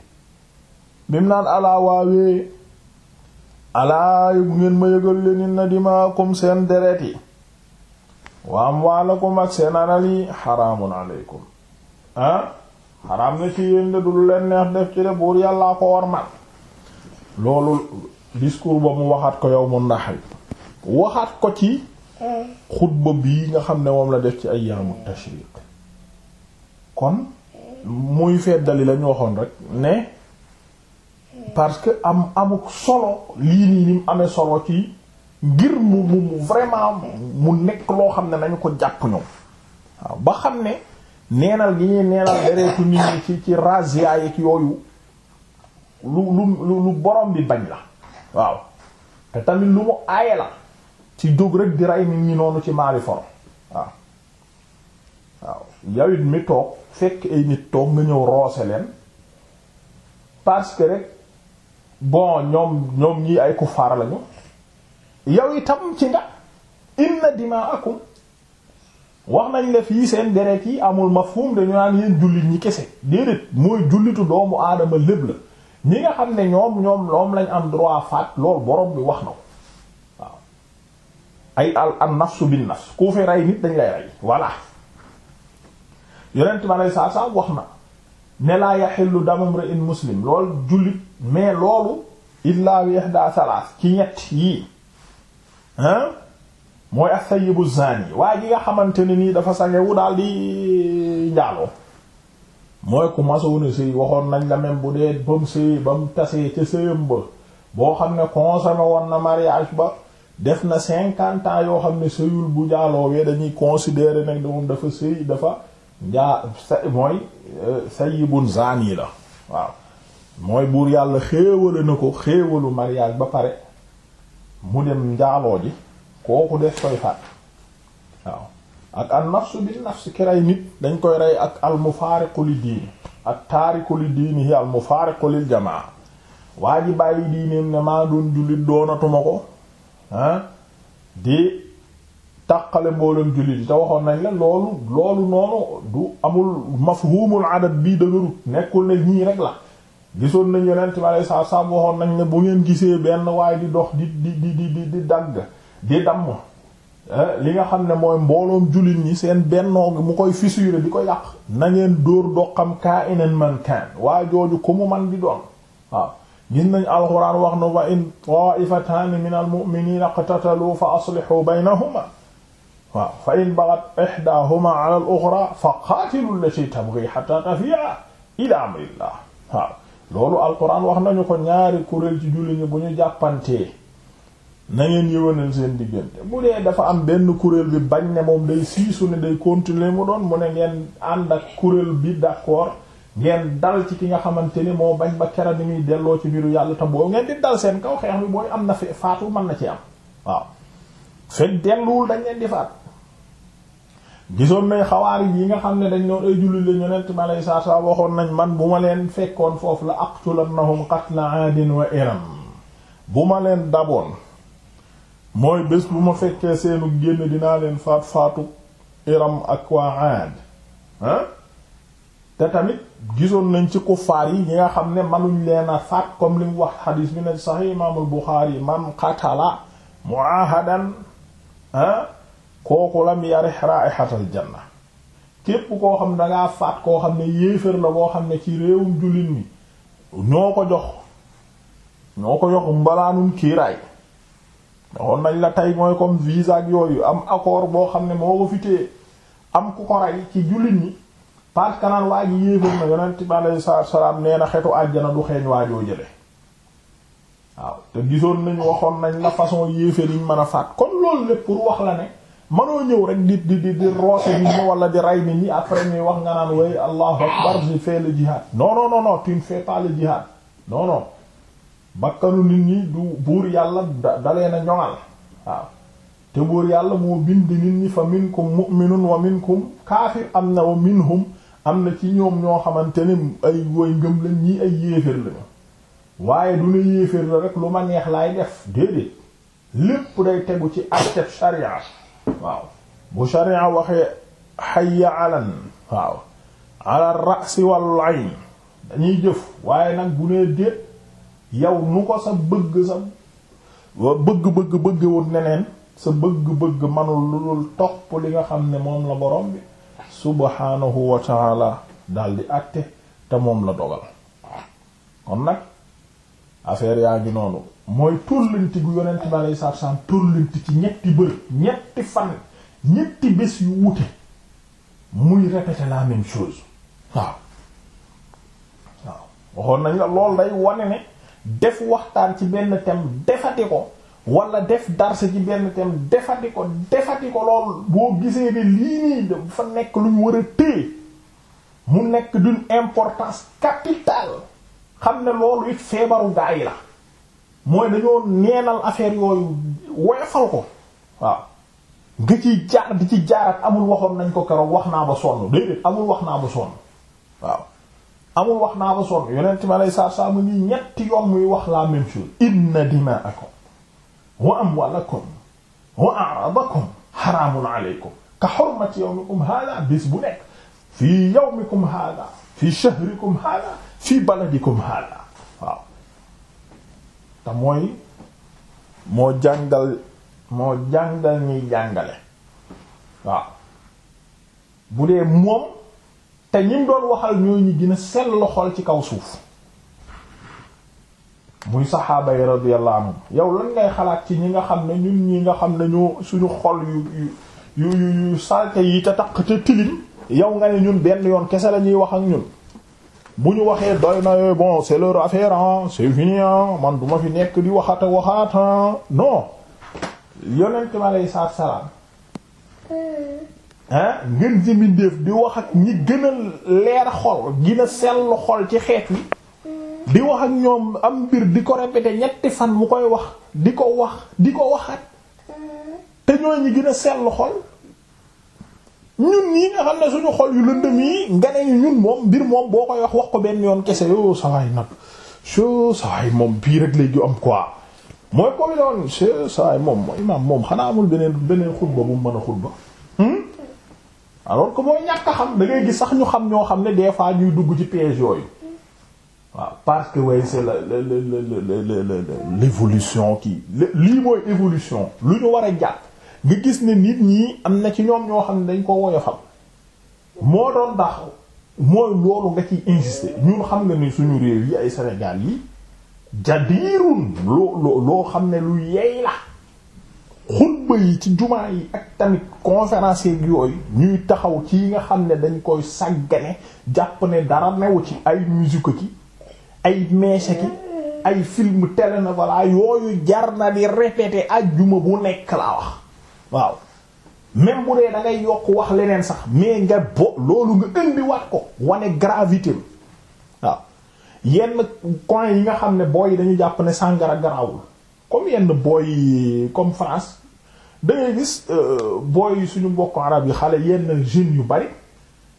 bi mu naan alaa waawee alaa bu ngeen ma yëgal leen na dimaakum seen deret yi wa amwaalakum ak seen alal yi xaraamun aleykum ah xaraam na ci yéen du leen neex def ci de buur ko war man loolu discours ba mu waxaat ko yawmu nahr waxaat ko ci hmm. xutba bi nga xam ne moom la def ci ayyamu tashriq kon muy feddali lañu waxoon rek ne parce que am amuk solo lii nii ni mu amee solo ci ngir mu mu mu vraiment mu nekk loo xam ne nañu ko jàpp ñoom ba xam ne neenal gi ñuy neenal deretu nit ñi ci ci razia yi yooyu lu lu lu borom bi bañ la waaw te tamit lu mu aaye la ci jóg rek di rey nit ñi noonu ci maali for waaw waaw mi toog fekk ay nit toog nga ñëw roose leen parce que rek bon ñoom ñoom ay kufaar lañu yow ci nga inna dimaakum wax nañ seen deret yi amul mafhum dañu naan yéen jullit mooy jullitu doomu aadama lépp la ñoom lañ am droit faat loolu borom bi wax na ko ay al an nafsu bin nafs ku fi rey nit dañ lay rey voilà yonent ma lay saa saa wax na ne laa yaxillu damu imri'in muslim lool jullit mais loolu illaa bi ihda salaas ci ñett yii hein mooy as-sayyibu zani waa ji nga xamante ne nii dafa sangewu daal di njaaloo mooy ku masoona sëy waxoon nañ la même dee ba mu sëy ba tasee ca sëyam ba boo xam ne consommé na mariage ba def na cinquante ans yoo xam ne sëyul bu jaaloowee dañuy considérer nag da dafa sëy dafa njaa sa mooy euh, sayyibun zani la waaw mooy buur yàlla xéewale na ko xéewalu mariage ba pare mu dem njaaloo ji kooku def koy faat waaw ak an nafsu bin nafsi ki rey nit dañ koy rey ak al mufaariqu li diini ak taariqu li diini al mufaariqu jamaa waa ji bàyyi diineem ne maa doon jullit doonatuma ko ah di tàqale mboolem jullit yi te waxoon nañ la loolu loolu noonu du amul mafhumul adat bii dëgërut nekkul ne ñii rek la gisoon nañ yonent ma lay saa saam waxoon nañ ne bu ngeen gisee benn waaye di dox di di di di di dagg di damm eh, li nga xam ne mooy mbooloom jullit ñi seen bennoo mu koy fissuré di ko yàq na ngeen dóor doqam kaa inan man kaan waa jooju ku mu man di doon waaw gis nañ alxuraan wax na wa in taifataani min almuminina qtatalu fa aslixuu baynahuma waaw fa in bagat ixdaahuma ala fa qaatilu allati tabghi hatta tafi'a ila amrillah waaw loolu alxuraan wax nañu ko ñaari kuréel ci julli ñi bu ñu jàppantee na ngeen yëwanal seen diggante bu dee dafa am benn kuréel bi bañ ne moom day siisu ne day continuer mu doon mu ne ngeen ànd ak kuréel bi d'accord ngeen dal ci ki nga xamante ni moo bañ ba kera ni muy delloo ci biiru yàlla tam boobu ngeen di dal seen kaw xeex bi booy am na fi faatu man na ci am waaw fekk delluwul dañ leen di faat gisoon nañ xawaar yi nga xam ne dañ noon ay julli la yonent ma lay saa saa waxoon nañ man bu ma leen fekkoon foofu la ak na aqtulannahum qatla aadin wa iram bu ma leen daboon mooy bés bu ma fekkee seenu génn dinaa leen faat faatu iram ak waa aad ah te tamit gisoon nañ ci kuffaar yi ñi nga xam ne manuñ leen a faat comme li mu wax xadiis bi ne sax imaamul Buxaari man qatala muahadan ah kooku lam yarih raihatal janna képp koo xam ne dangaa faat koo xam ne yéefér la boo xam ne ci réewum jullit mi ñoo ko jox ñoo ko jox mbalaanum kiiraay doxoon nañ la tey mooy comme visa ak yooyu am accord boo xam ne moo ko fitee am ku ko rey ci jullit ñi parce que naan waa ji yéefam na yonent bi aleyhi salaatu salaam nee na xetu àjjana du xeeñ waajoo jële waaw te gisoon nañ waxoon nañ la façon yéeféer yiñ mën a faat kon loolu lépp pour wax la ne manoo ñëw rek di di di roose nit ñi wala di rey nit ñi après ñuy wax nga naan way allahu akbar je fais le jihad non non non non tu ne bakkanu nit ñi du buur yàlla dalee na ñoŋal waaw te buur yàlla moo bind nit ñi fa minkum mu'minun wa am na ci ñoom ñoo xamante ni ay woy ngëm lañ ñii ay yéeféer lañu waaye du ne yéeféer la rek lu ma neex laay def déedéet lépp day tegu ci acte sharia waaw bu sharia waxee hayya alan waaw ala ra'si wal ayn dañuy jëf waaye nag bu nee déet yow nu ko sa bëgg sa bëgg-bëgg bëgg neneen sa bëgg-bëgg manul lu dul topp li nga xam ne moom la borom bi subhaanahu wa la daldi àtte te moom la dogal kon nag affaire yaa ngi noonu mooy tóllanti gu yonent bi aleyi satu salaam tóllanti ci ñetti bër ñetti fan ñetti bés yu wuute muy répéter la même chose waaw waaw waxoon nañ la lool day wane ne def waxtaan ci benn thème defati ko wala def darse ci benn thème defati ko defati ko lool boo gisee ne lii nii dafa nekk lu ñu war a téye mu nekk dun importance capitale xam ne loolu it feebaru gaa yi la mooy dañoo neenal affaire yooyu woyofal ko waaw nga ciy jaar di ci jaarat amul waxoon nañ ko keroog wax naa ba sonn déedéet amul wax naa ba sonn waaw amul wax naa ba sonn yonent ma lay saar saa ñetti yoon muy wax laa même chose inna dima'akum wa amwaalakum wa a'raadakum xaraamun aleykum ka xormati yawmikum haadaa bis bu nekk fii yawmikum haadaa fii shahrikum haadaa fii baladikum haadaa waaw te mooy moo jàngal moo jàngal ñiy jàngale waaw bu dee moom te ñim doon waxal ñoo ñu gën a sell xool ci kaw suuf muy saxaaba yi radiyallahu anhum yow lan ngay xalaat ci ñi nga xam ne ñun ñi nga xam ne ñoo suñu xol yu yu yu yu salte yi te taq te tilim yow nga ne ñun benn yoon kese lañuy wax ak ñun bu ñu waxee doy na bon c'est leur affaire ah c'est man du ma fi nekk di waxata waxaata non yonent ma lay saat salaam ah ngeen jëmindeef di wax ak ñi gën a leer xol gën a sell xol ci xeet wi di wax ak ñoom am mbir di ko répéter ñetti fan mu koy wax di ko wax di ko waxaat te ñoo ñi gën a seetlu xol ñun ñii nga xam ne suñu xol yu lëndëm yi nga ne ñun moom mbir moom boo koy wax wax ko benn yoon kese yoo sawaay nag soo sawaay moom bii rek léegi am quoi mooy ko yoon soo moom moom xanaa amul beneen beneen xutba bu mu mën a xutba hmm? alors que boo ñàkk xam da ngay gis sax ñu xam ñoo xam ne des fois ñuy dugg ci piège yooyu waaw parce que way c'est la la la la l'évolution kii lii mooy évolution lu ñu war a jàpp nga gis ne nit ñi am na ci ñoom ñoo xam ne dañ ko woyofal moo doon tax mooy loolu nga ciy insister ñun xam nga ni suñu réew yi ay Sénégal yi jadiirun loo loo xam ne lu yey la xutba yi ci jumaa yi ak tamit conférence yooyu ñuy taxaw ci yi nga xam ne dañ koy sàggane jàpp ne dara newu ci ay musique ki ay meecha ki ay film télénovela yooyu jar na di répéter ajjuma bu nekk laa wax waaw même bu dee da yokk wax leneen sax mais nga bo loolu nga indi waat ko wane gravité bi waaw yenn coin yi nga xam ne booy yi dañu jàpp ne sàngara garawul comme yenn booy comme France da ngay gis euh, booy suñu mbokku arab yi xale yenn jeunes yu bari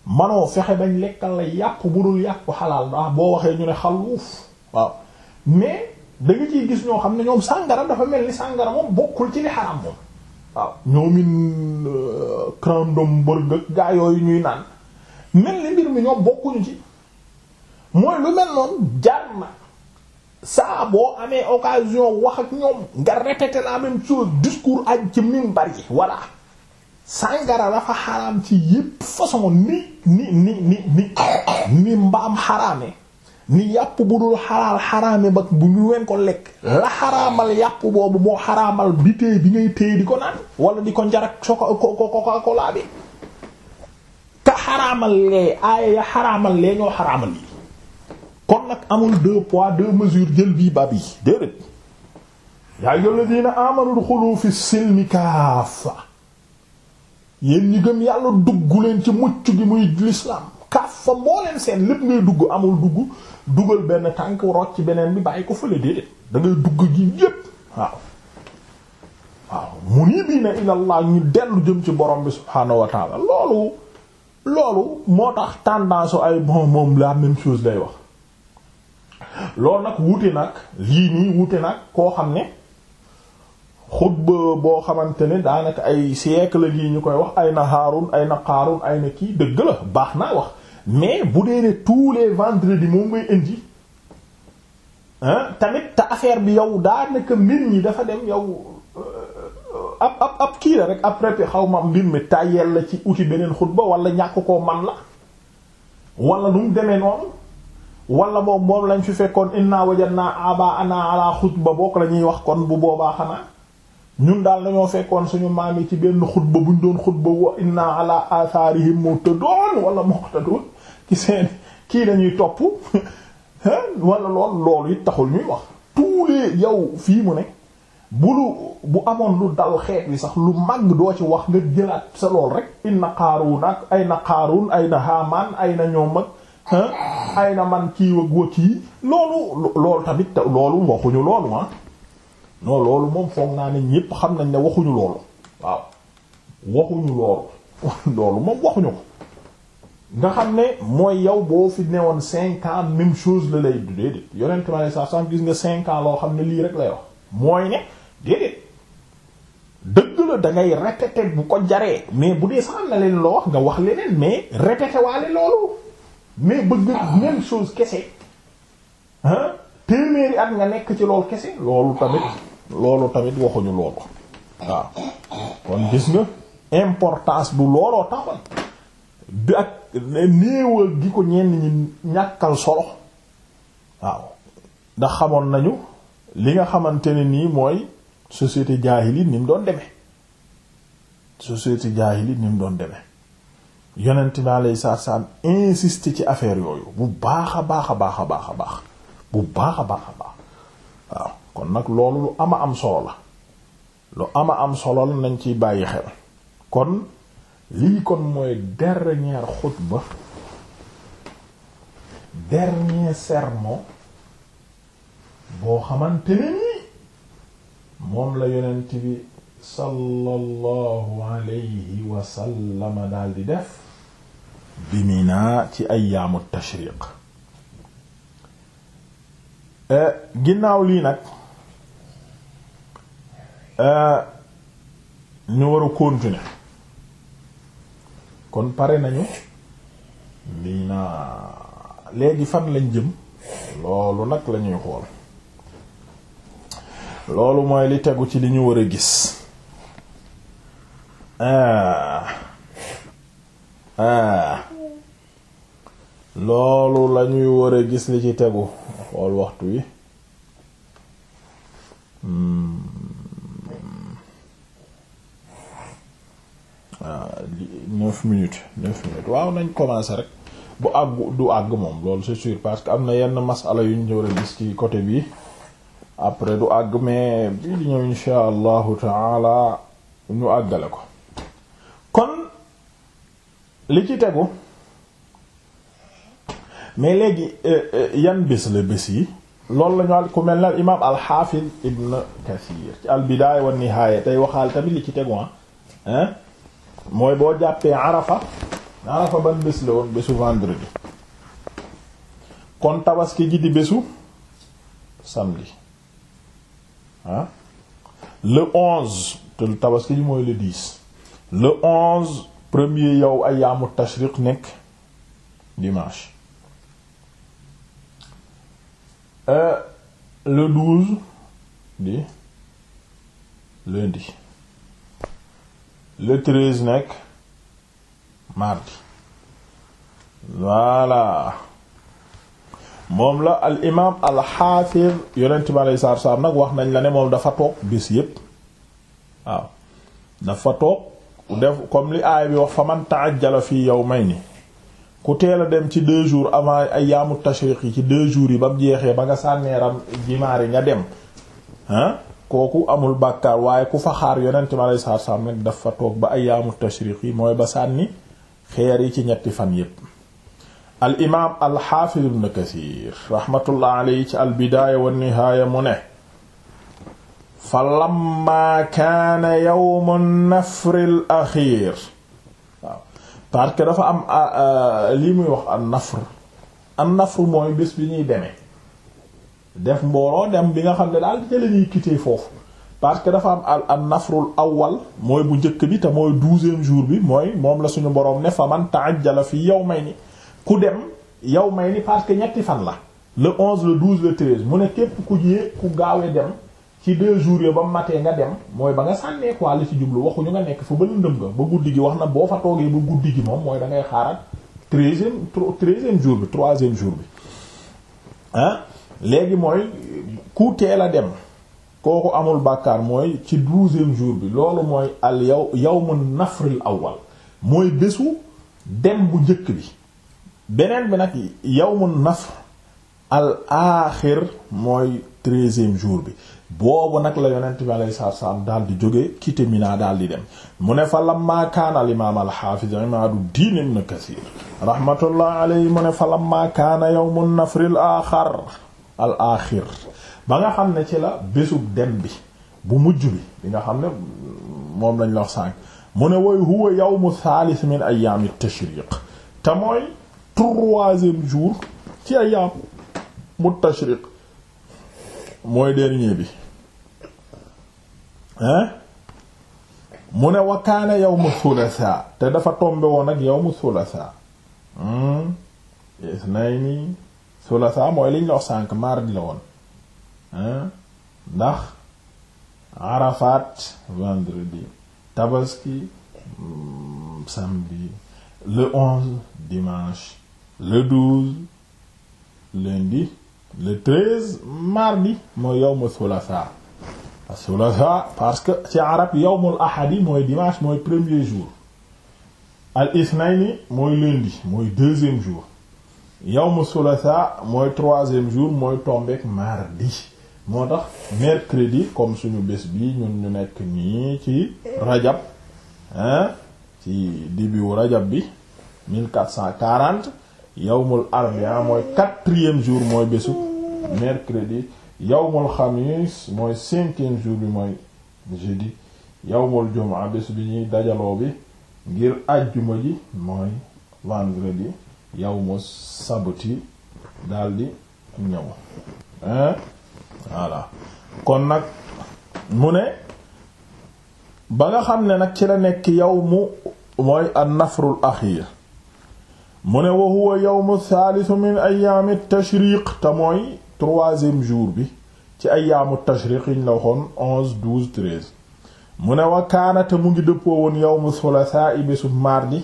manoo fexe bañ lekkal la yàpp bu dul yàpp xalaal ndax boo waxee ñu ne xaluuf waaw mais da nga ciy gis ñoo xam ne ñoom sàngara dafa mel ni sàngara moom bokkul ci li xaraam moom waaw ñoomin euh, crandom bërgëg gaa yooyu ñuy naan mel ni mbir mi ñoom bokkuñu ci mooy lu mel noonu jar na saa boo amee occasion wax ak ñoom nga répéter la même chose discours aj ci minbar yi sàngara dafa xaraam ci yépp façon ni ni ni ni mbaam xaraame ni yàpp bu dul xalaal xaraame ba bu ñu wen ko lekk la xaraamal yàpp boobu moo xaraamal bi téye bi ngay téye di ko naan wala di ko njarak soo ko ko ko ko laa te xaraamal lee aaya ya xaraamal lee ñoo xaraamal yi kon nag amul deux poids deux mesures jël bii ba bii déedéet yaa ayyuhal ladina amanu dukhulu fi silmi yéen ñi gëm yàlla dugg leen ci mucc gi muy l'islam kaaf fa moo leen seen lépp ngay dugg amul dugg dugal benn tànk rocc ci beneen bi bàyyi ko fële déedéet da ngay dugg ji yépp waaw waaw muniibiina ilallah ñu dellu jëm ci borom bi subhaanahu wa loolu loolu moo tax tendance ay bon moom la même chose lay wax loolu nag wuute nag lii nii wuute nag koo xam ne xutba boo xamante ne daanaka ay siècle yi ñu koy wax ay na Haarun ay na Qaarun ay na kii dëgg la baax naa wax mais bu dee ne tous les vendredis moom ngay indi tamit te affaire bi yow daanaka mbir ñi dafa dem yow euh, ab ab ab kii la rek après xaw ma mbir mi tàyyeel la ci uti beneen xutba wala ñàkk koo man la wala nu mu demee noonu wala moom moom lañ fi fekkoon inna wajadna aba ana ala xutba bokk la ñuy wax kon bu boobaa xanaa ñun daal dañoo fekkoon suñu maam yi ci benn xutba buñ doon xutba wa inna ala atharihim muqtadun wala muqtadun ci seen kii dañuy topp wala lool loolu it taxul ñuy wax tous yow fii mu ne bu lu bu amoon lu dal xeet wi sax lu màgg doo ci wax nga jëlaat sa lool rek inna Qaaruun ak ay na Qaaruun ay na Haamaan ay na ñoom ak ay na man kii wa kii loolu loolu tamit loolu waxuñu loolu ah non loolu moom foog naa ne ñépp xam nañ ne waxuñu loolu waaw waxuñu loolu loolu moom waxuñu ko nga xam ne mooy yow boo fi woon cinq ans même chose la lay déedéet yonent ma lay sax sax gis nga cinq ans loo xam ne lii rek lay wax mooy ne déedéet dëgg la da ngay bu ko jaree mais bu dee sax na leen loo wax nga wax leneen mais répéter waale loolu mais bëgg même chose kese ah téeméeri at nga nekk ci loolu kese loolu tamit. loolu tamit waxuñu loolu waaw kon gis nga importance bu looloo taxoon bi ak néewal gi ko ñenn ñi ñàkkal solo waaw ndax xamoon nañu li nga xamante ne nii mooy société jaahili ni mu doon demee société jaahili ni mu doon demee yonent bi alayhi salaam insister ci affaire yooyu bu baax a baax a baax a baax a baax bu baax a baax a baax waaw kon nag loolu lu ama am solo la lu ama am solo la nañ ci bàyyi xel kon lii kon mooy dernière xutba dernier sermon boo xamante ni moom la yonent bi sallallahu alayhi wa sallam daal di def bi ci ayyaamu tashriq eh, ginnaaw lii nag Euh, ñu waru a continuer kon pare nañu lii naa léegi fan lañ jëm loolu nag lañuy xool loolu mooy li tegu ci li ñu war a gis ah. Ah. loolu la ñuy war a gis li ci tegu xool waxtu wi hmm. waaw neuf minutes neuf minutes waaw nañ commencer rek bu àgg du àgg moom loolu c'est sûr parce que am na yenn masala yu ñu war a gis côté bi après du àgg mais bi di ñëw insha allahu taala ñu àggale ko kon li ci tegu mais léegi euh, euh, yan bés la bés yi loolu la ñu al ku mel na imaam alxaafiz ibn kathir ci al bidaaya wa nihaaya tey waxaal tamit li ci tegu ah mooy boo jàppee arafa arafa ban bés la bésu vendredi kon tabaski ji di bésu samedi ah le onze te tabaski ji mooy le dix le onze premier yow ayaamu tashriq nekk dimanche euh, douze di lundi le treize nekk mardi voilà moom la al imaam al xaafir yonent bi aleyhi salaatu salaam nag wax nañ la ne moom dafa toog bés yépp waaw dafa toog def comme li aay bi wax fa man ta'ajjala fii yawmayni ku teel dem ci deux jours avant ayyaamu tashriq yi ci deux jours yi ba jeexee ba nga sànneeram jimaar yi nga dem ah kooku amul bàkkaar waaye ku fa xaar yonent mi alayhi salaatu salaam nag dafa toog ba ayyaamu tashriq yi mooy ba sànni xeer yi ci ñetti fan yépp al imaam al xaafiz ibn kathir rahmatullah alayhi ci al bidaaya wa nihaaya mu ne fa lamma kaana yawmu nafri al axiir waaw dafa am euh, euh, li muy wax an nafr an nafr mooy bés bi ñuy demee def mbooloo dem bi nga xam ne daal ca la ñuy quitter foofu parce que dafa am al an nafrul awwal mooy bu njëkk bi te mooy douzième jour bi mooy moom la suñu boroom ne fa man ta'ajjala fi ni ku dem ni parce que ñetti fan la le onze le douze le treize mu ne képp ku jiyee ku gaawee dem ci deux jours yo ba matee nga dem mooy ba nga sànnee quoi li ci jublu waxuñu nga nekk fu ba lëndëm nga ba guddi gi wax na boo fa toogee ba guddi gi moom mooy da ngay xaaral treizième treizième jour bi troisième jour bi ah léegi mooy ku teel a dem kooku amul bàkkaar mooy ci douzième jour bi loolu mooy al yow yawmun nafril awwal mooy bésu dem bu njëkk bi beneen bi nag yawmun nafr al aaxir mooy treizième jour bi boobu nag la yonent bi alayhi salaatu salaam daal di jóge quitté Mina daal di dem mu ne fa lammaa kaana al imaam al na Imaadu-ddiin Kasiir rahmatullah alayhi mu ne fa lammaa kaana yawmun aaxar al axir ba nga xam ne ci la bésub dem bi bu mujj bi bi nga xam ne moom lañ la wax sànq mu ne woy huwa yawmu thalith min ayami tashriq te mooy troisième jour ci ayam mu tashriq mooy dernier bi hein mu ne wa kaana yawmu thulatha te dafa tombe woon ak yawmu thulatha hmm? isnayni sulasa mooy liñ la wax sànq mardi la woon ndax Arafat vendredi tabaski hmm, samedi le onze dimanche le douze lundi le treize mardi mooy yawmu sulasa sulasa parce que ci arab yawmul yi mooy dimanche mooy premier jour al isnaini mooy lundi mooy deuxième jour yawmu thulatha mooy troisième jour mooy tombeek mardi moo tax mercredi comme suñu bés bi ñun ñu nekk nii ci rajab ci dibiwu rajab bi cent 1440 yawmul arbia mooy quatrième jour mooy bésu mercredi yawmul xamis mooy cinquième jour bi mooy jeudi yawmul jumaa bés bi ñuy dajaloo bi ngir àjjuma ji mooy yawmu sabti daldi ñëw hein voilà kon nag mu ne ba nga xam ne nag ci la nekk yawmu mooy an-nafrul axiir mu ne wa huwa yawmu thaalithu min ayyaami tashriq te mooy troisième jour bi ci ayyaamu tashriq yiñ la waxoon onze douze treize mu ne wa kaanate mu ngi dëppoo woon yawmu thulathaa bisu mardi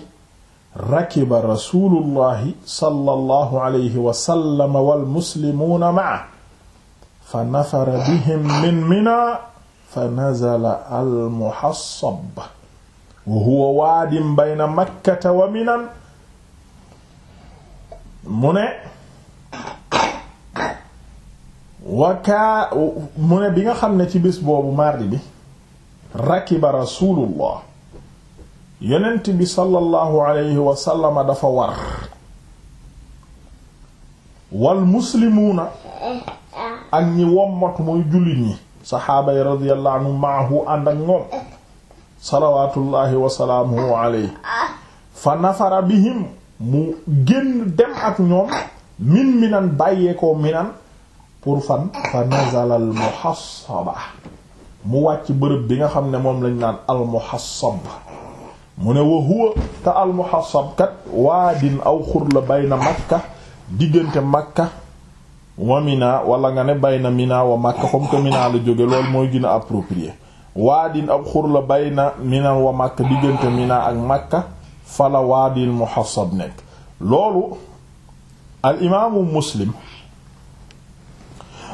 rakiba rasulullahi sallallahu alayhi wa sallam wal muslimuuna ma'a fa nafara bihim min mina fa nazala al muhassab wa huwa waadin bayna makkata wa minan mu ne wakaa mu ne bi nga xam ne ci bés boobu mardi bi rakiba rasulullah yonent bi sallallahu alayhi wa dafa war wal muslimuuna ak ñi wommatu mooy jullit ñi saxaaba yi radiyallahu anhu maahu ànd ak moom salawatullahi wa alayhi fa nafara bihim mu génn dem ak ñoom min minan bàyyeekoo minan pour fan fa nazala al muhassaba mu wàcc bërëb bi nga xam ne moom lañ naan al muhassab mu ne wa huwa te almuhassab kat waadin aw xur la bayna makka diggante makka wa mina wala nga ne bayna mina wa makka comme que mina la jóge loolu mooy gën a approprié waadin ab xur la bayna mina wa makka diggante mina ak makka fala waadil muhassab nekk loolu al imaamu muslim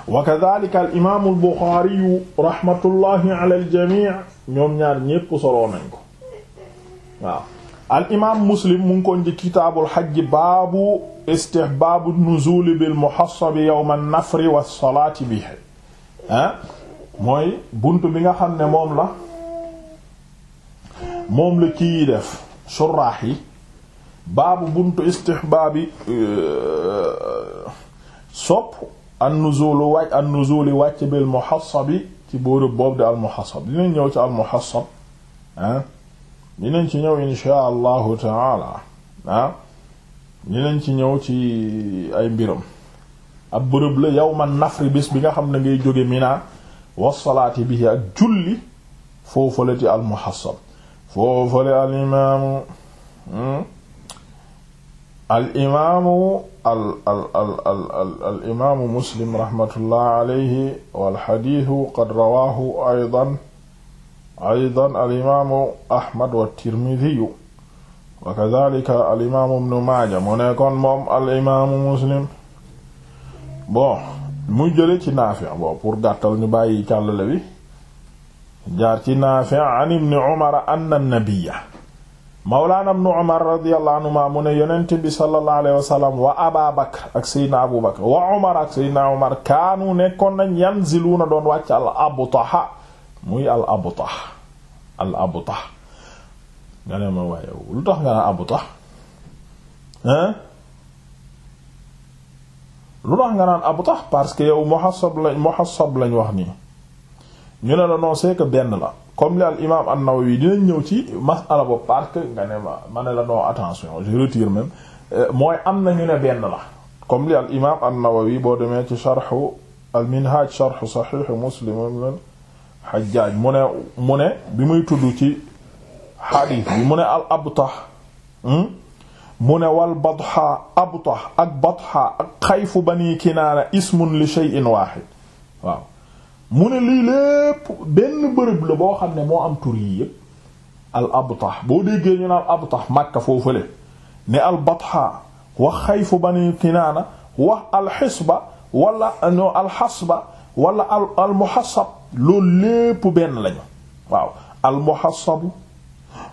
wa al imaamu al buxaariyu rahmatullahi ala al jamii ñoom ñaar ñépp solo nañ ko waaw al imaam muslim mu ko ci kitaabul xajj baabu istihbaabu nuzuuli bil muhassabi yawma nafri wa salaati bi ah mooy bunt bi nga xam ne moom la moom la kii def suraax yi baabu buntu istihbaabi euh, sopp an nuzuulu wàcc an nuzuuli wàcc bil muhassabi ci bóorub boobu di al muhassab dina ñëw ci al muhassab dinañ ci ñëw inshaa allahu taala ah dinañ ci ñëw ci ay mbiram ab bërëb la yawma nafri bis bi nga xam ne ngay jóge Mina wasalaati bihi ak julli al muhassab foofale al imaamu hmm? al imaamu al al al al al imaamu muslim rahmatullah alayhi wal xadiisu qad rawaahu aydan alimaamu ahmad wa tirmidiyu wa kadalika alimaamu ibnu maaja mu nekkoon moom alimaamu muslim bon muy jële ci naafi bon pour gàttal ñu bàyyi càllale bi jaar ci naafi an ibni umara anna nabiyya mawlaana ibnu umar radiyallahu anhuma mu ne yonent bi sallallahu alayhi wa sallam wa aba bakr ak seydna abu bakr wa umar ak seydna umar kaanu nekkoon nañ yanziluuna doon wàcc al abtaha muy al abtah al abtah nga ne ma waaye lu tax nga ne abtah hein lu tax nga naan abu tax parce que yow muhassab lañ muhassab lañ wax nii ñu ne la non c'est que benn la comme li al imaam an-Nawawi dinañ ñëw ci masala boobu parce que nga ne ma ma ne la non attention je retire euh, mooy am na ñu ne benn la comme li al imaam an-Nawawi boo demee ci sharhu al minhaj sharhu sahih muslim xajjaaj mu ne mu ne bi muy tudd ci xadiis bi mu ne al abtah hmm? mu ne wal batha abtah ak batha ak xayfu bani kinaana ismun li shay'in waaxid waaw mu ne lii lépp benn bërëb la boo xam ne moo am tur yii yépp al abtah boo déggee ñu ne al abtah màkka foofale ne al batha wax xayfu bani kinaana wax al xisba wala no al xasba wala al al muhassab loolu lépp benn lañu waaw al muhassabu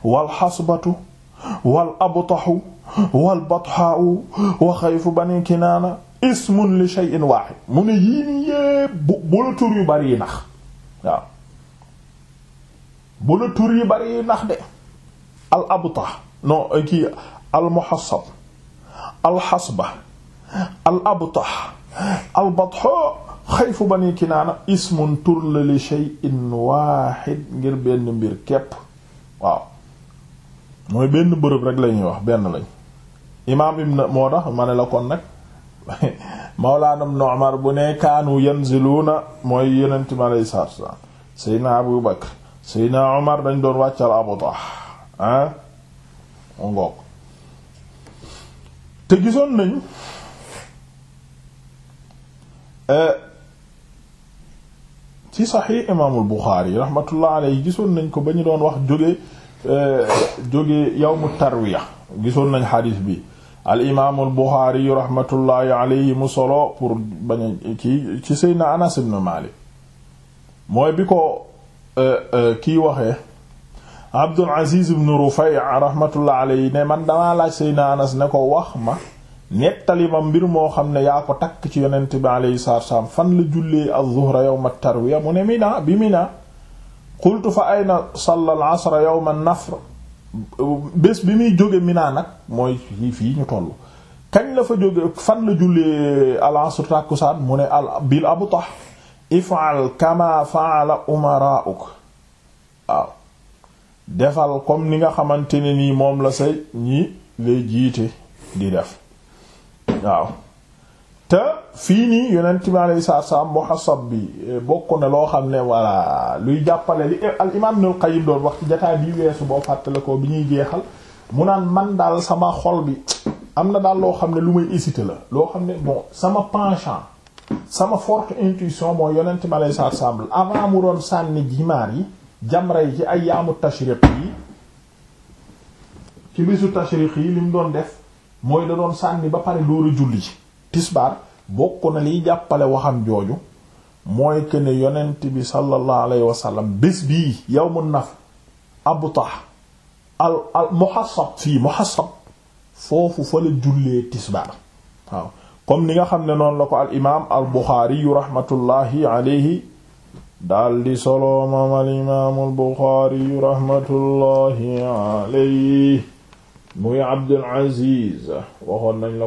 wal xasbatu wal abtahu wal bathaa'u wa xayfu bani kinaana ismun li shay'in waahid mu ne yii nii yépp bu bu la tur yu bari yi nax waaw bu la tur yu bari yi nax de al abtah non kii al muhassab al xasba al abtah al bathaa xayfu bani kinaana ismun tur la li shay'in waaxid ngir benn mbir kepp waaw mooy benn bërëb rek lañuy wax benn lañ imaam ibn moo tax ma ne la kon nag mawlaana ibn Umar bu ne kaanu yanziluuna mooy yonent mi alayhi salaatu wassalaam seydna Abu Bakr seydna Umar dañ doon wàccal Abu Tah ah mu te gisoon nañ eh, ci saxiix imaamul Buxaari rahmatullah alayhi gisoon nañ ko ba ñu doon wax jóge eh, jóge yawmu tarwiya gisoon nañ xadiis bi al imaamul Buxaari rahmatullahi alayhi mu solo pour bañ a ci Seydina Anas ibn Maalik mooy bi ko eh, eh, kii waxee Abdul Aziz ibn Rufay rahmatullah alayhi ne man damaa laaj Seydina Anas ne ko wax ma nettali ma mbir moo xam ne yaa ko takk ci yonent bi alayhi salaatu wa fan la jullee az-zuhra yawma tarwiya mu ne Mina bi Mina qultu fa ayna salla al-asra yawma an-nafr bi muy jóge Mina nag mooy fii ñu toll kañ la fa jóge fan la jullee al-asr tàkkusaan mu ne al bil abtah if'al kama fa'ala umara'uk defal comme ni nga xamante ne nii moom la say ñi lay jiite di def waaw te fii nii yonent bi alayhi salaatu salaam muhassab bi eh, bokk na loo xam ne voilà luy jàppale li eh, al imaam Ibnul Qayyim doon wax ci bi weesu boo fàttale ko bi ñuy jeexal mu naan man daal sama xol bi am na daal loo xam ne lu may hésiter la loo xam ne bon sama penchant sama forte intuition mooy yonent ma alayhi salaatu salaam avant mu doon sànni jimaar yi jamra yi ci ayyaamu tashriq yi ci bisu tashriq yi li mu doon def. mooy da doon sànni ba pare dóor a julli tisbaar bokk na liy jàppale waxam jooju mooy que ne yonent bi sallallahu alayhi wa sallam bés bii yawmun naf abtah al al muhassab fii muhassab foofu fa la jullee tisbaar waaw comme ni nga xam ne noonu la ko al imaam al buxaari yu rahmatullahi alayhi di solo al imaam al buxaari yu rahmatullahi muy Abdul Aziz waxoon nañ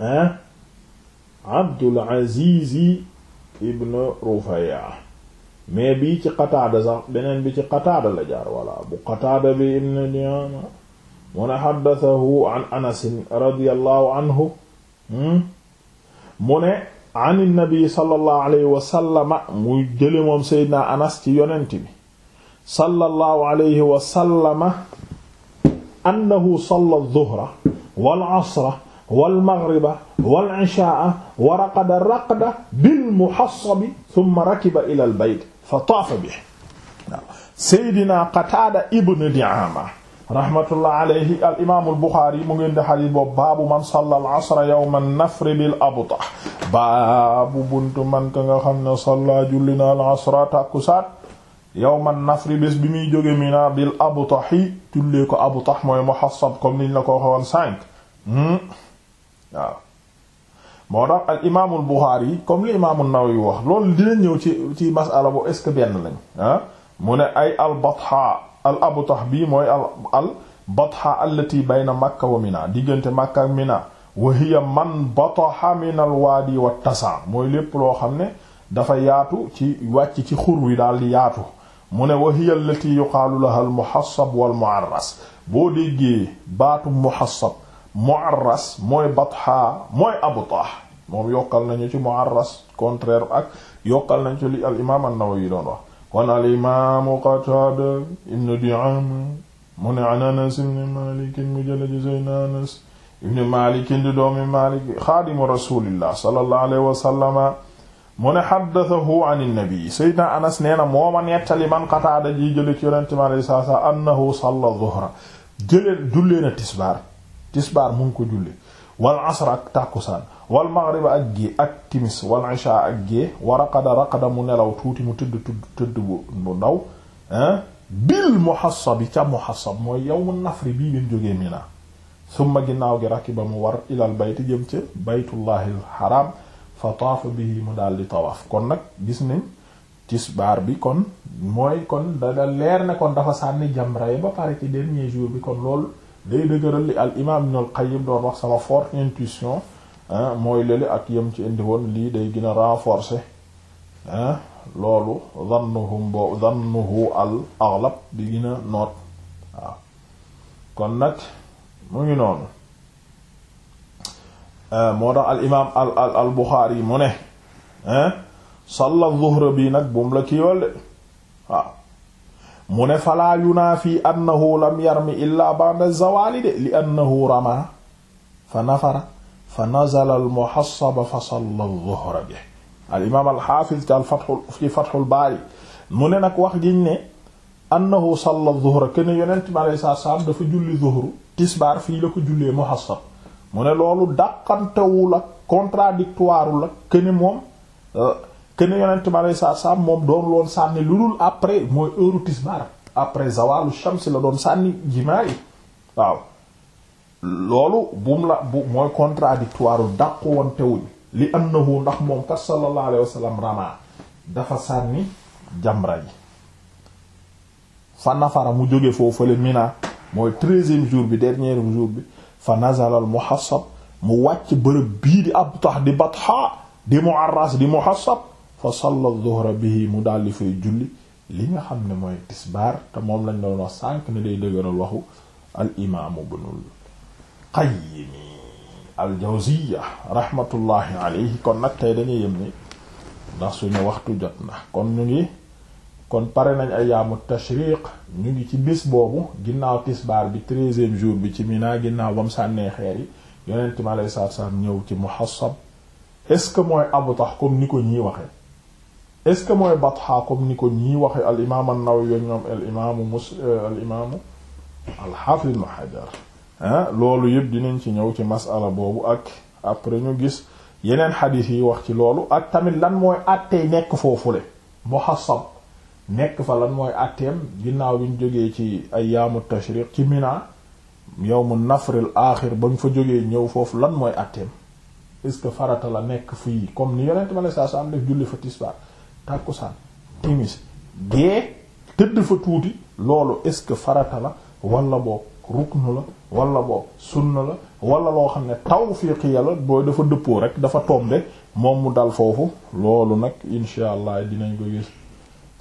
ah, ibn Rufaya mais bii ci Qataada sax beneen bi ci Qataada la jaar walla bu Qataada bi ibn Diyaama mu ne xaddathahu Anas radiyallahu anhu hmm? mu moom Seydina Anas ci yonent bi sallallahu alayhi wa annahu salla zuhra wal asra wal maghriba wal ishaa wa raqada raqda bil muhassabi thumma rakiba ila al bayt fa taafa bihi Seydina Qataada ibn Di'aama rahmatullah alayhi al imaam al Buxaari mu ngi indi hadiis boobu baabu man salla al asra yawma nafri bil abtah baabu buntu man ka nga xam ne salla julli na al asra takkusaan yawman nafri bés bi muy jóge Mina bil Abtahi tullee ko abu Abtah mooy muhassab comme niñ na ko waxoon cinq hmm? waaw moo tax al imaamul Buxaari comme li imaamul yu wax loolu dinañ ñëw ci ci masala bo est ce que benn lañ ah mu ne ay al Batha al Abtah bii mooy al al Batha allati bayna Makka wa Mina diggante Makka ak Mina wa man bataha min al waadi wa tasa mooy lépp loo xam ne dafa yaatu ci wàcc ci xur wi daal di yaatu mu ne wa hiya allati yuqaalu laha al muhassab wal mu'arras boo déggee baatu muhassab mu'arras mooy batha mooy abtah moom yokkal nañu ci mu'arras contraire ak yokkal nañu ci li al imaam an-Nawawi doon wax kon al imaamu Qataada ibnu Di'aama mu ne an Anas ibn Maalik mu jële ci Seydina Anas ibn Maalik di doomi Maalik xaadimu rasuulillah sallallahu alayhi wa sallama mu ne xaddasahu an innabii sayyidina na moo ma nettali man Qataada ji jële ci yonente mi alayhi salaatu wa salaam annahu salla zuhra jëlee jullee na tisbaar tisbaar mu ko julli wal asr ak tàkkusaan wal maghrib ak gée ak timis wal isha ak gée war raqada raqada mu nelaw tuuti mu tëdd tëdd tëdd bu ndaw bil muhassabi ca muhassab mooy yawmu nafri bii bin jógee Mina summa ginnaaw gi rakiba mu war ilal bayt jëm ca baytullahil haram fa taafa bii mu daal di tawaaf kon nag gis nañ tisbaar bi kon mooy kon dada leer ne kon dafa sànni jamra yi ba pare ci dernier jour bi kon loolu day dëgëral li al imam Ibn al Qayyim doon wax sama forte intuition mooy lële ak yem ci indi woon day gën a renforcer loolu zannuhum bo al aghlab di gën a noot waaw kon nag mu ngi noonu Eh, moo tax al imaam al al al Buxaari mu ne eh, salla zuhra bi nag buum la kii wal de waaw mu ne falaa yunaafi annahu lam yarmi illa ba'da zawaali de li annahu rama fa nafara fa nazala al muhassaba fa salla zuhra bi al imaam al xaafiz al fatxul fi fatxul baari mu ne nag wax giñ ne annahu salla zuhra kenn yonent mi alayhi salaam dafa julli zuhru tisbaar fii la ko jullee muhassab mu ne loolu dàqantewul ak contradictoire la que ni moom euh, que ni yonent ma lay saar saam moom doon loon sànni lu dul après mooy eurotismar après zawalu shams la doon sànni jimaa yi waaw loolu bumu la bu mooy contradictoire dàqu woon tewuñ li annahu ndax moom kat sallallahu alayhi wasallam rama dafa sànni jamra ji fa nafara mu jóge foofu fële mina mooy treizième jour bi dernier jour bi fa nazala al muhassab mu wàcc bërëb bii di ab tax di batha di muarras di muhassab fa salla dhuhra bihi mu daldi fay julli li nga xam ne mooy tisbaar te moom lañ doon wax sànq ne day dëgëral waxu al imaamu ibnul qayyim al jawziya rahmatullahi alayhi kon nag tey dañuy yem ni ndax suñu waxtu jot na kon ñu ngi kon pare nañ ayaamu tashriq ñu ngi ci bis boobu ginnaaw tisbaar bi treizième jour bi ci Mina ginnaaw ba sànnee xeer yi yonent mi alayhi salaatu salaam ñëw ci muhassab est-ce que mooy abtah comme ni ko ñii waxee est-ce que mooy batha comme ni ko ñii waxee al imaam an-Nawawi ak ñoom al imaamu mus euh, al imaamu al-Hafiz Ibn Hajar ah, loolu yëpp dinañ ci ñëw ci masala boobu ak après ñu gis yeneen xadiis yi wax ci loolu ak tamit lan mooy àttee nekk foofule muhassab nekk fa lan mooy àtteem ginnaaw bi ñu jógee ci ayyaamu tashriq ci yow yawmu nafril aaxir ba ñu fa jógee ñëw foofu lan mooy àtteem est-ce que farata la nekk fii comme ni yonent ma ne saa saa am def julli fa tisbaar tàkkusaan timis gee tëdd fa tuuti loolu est-ce que farata la wala book ruknu la wala boog sunna la wala loo xam ne tawfiqi la booy dafa dëppoo rek dafa tombe moom mu dal foofu loolu nag incha allah dinañ ko gis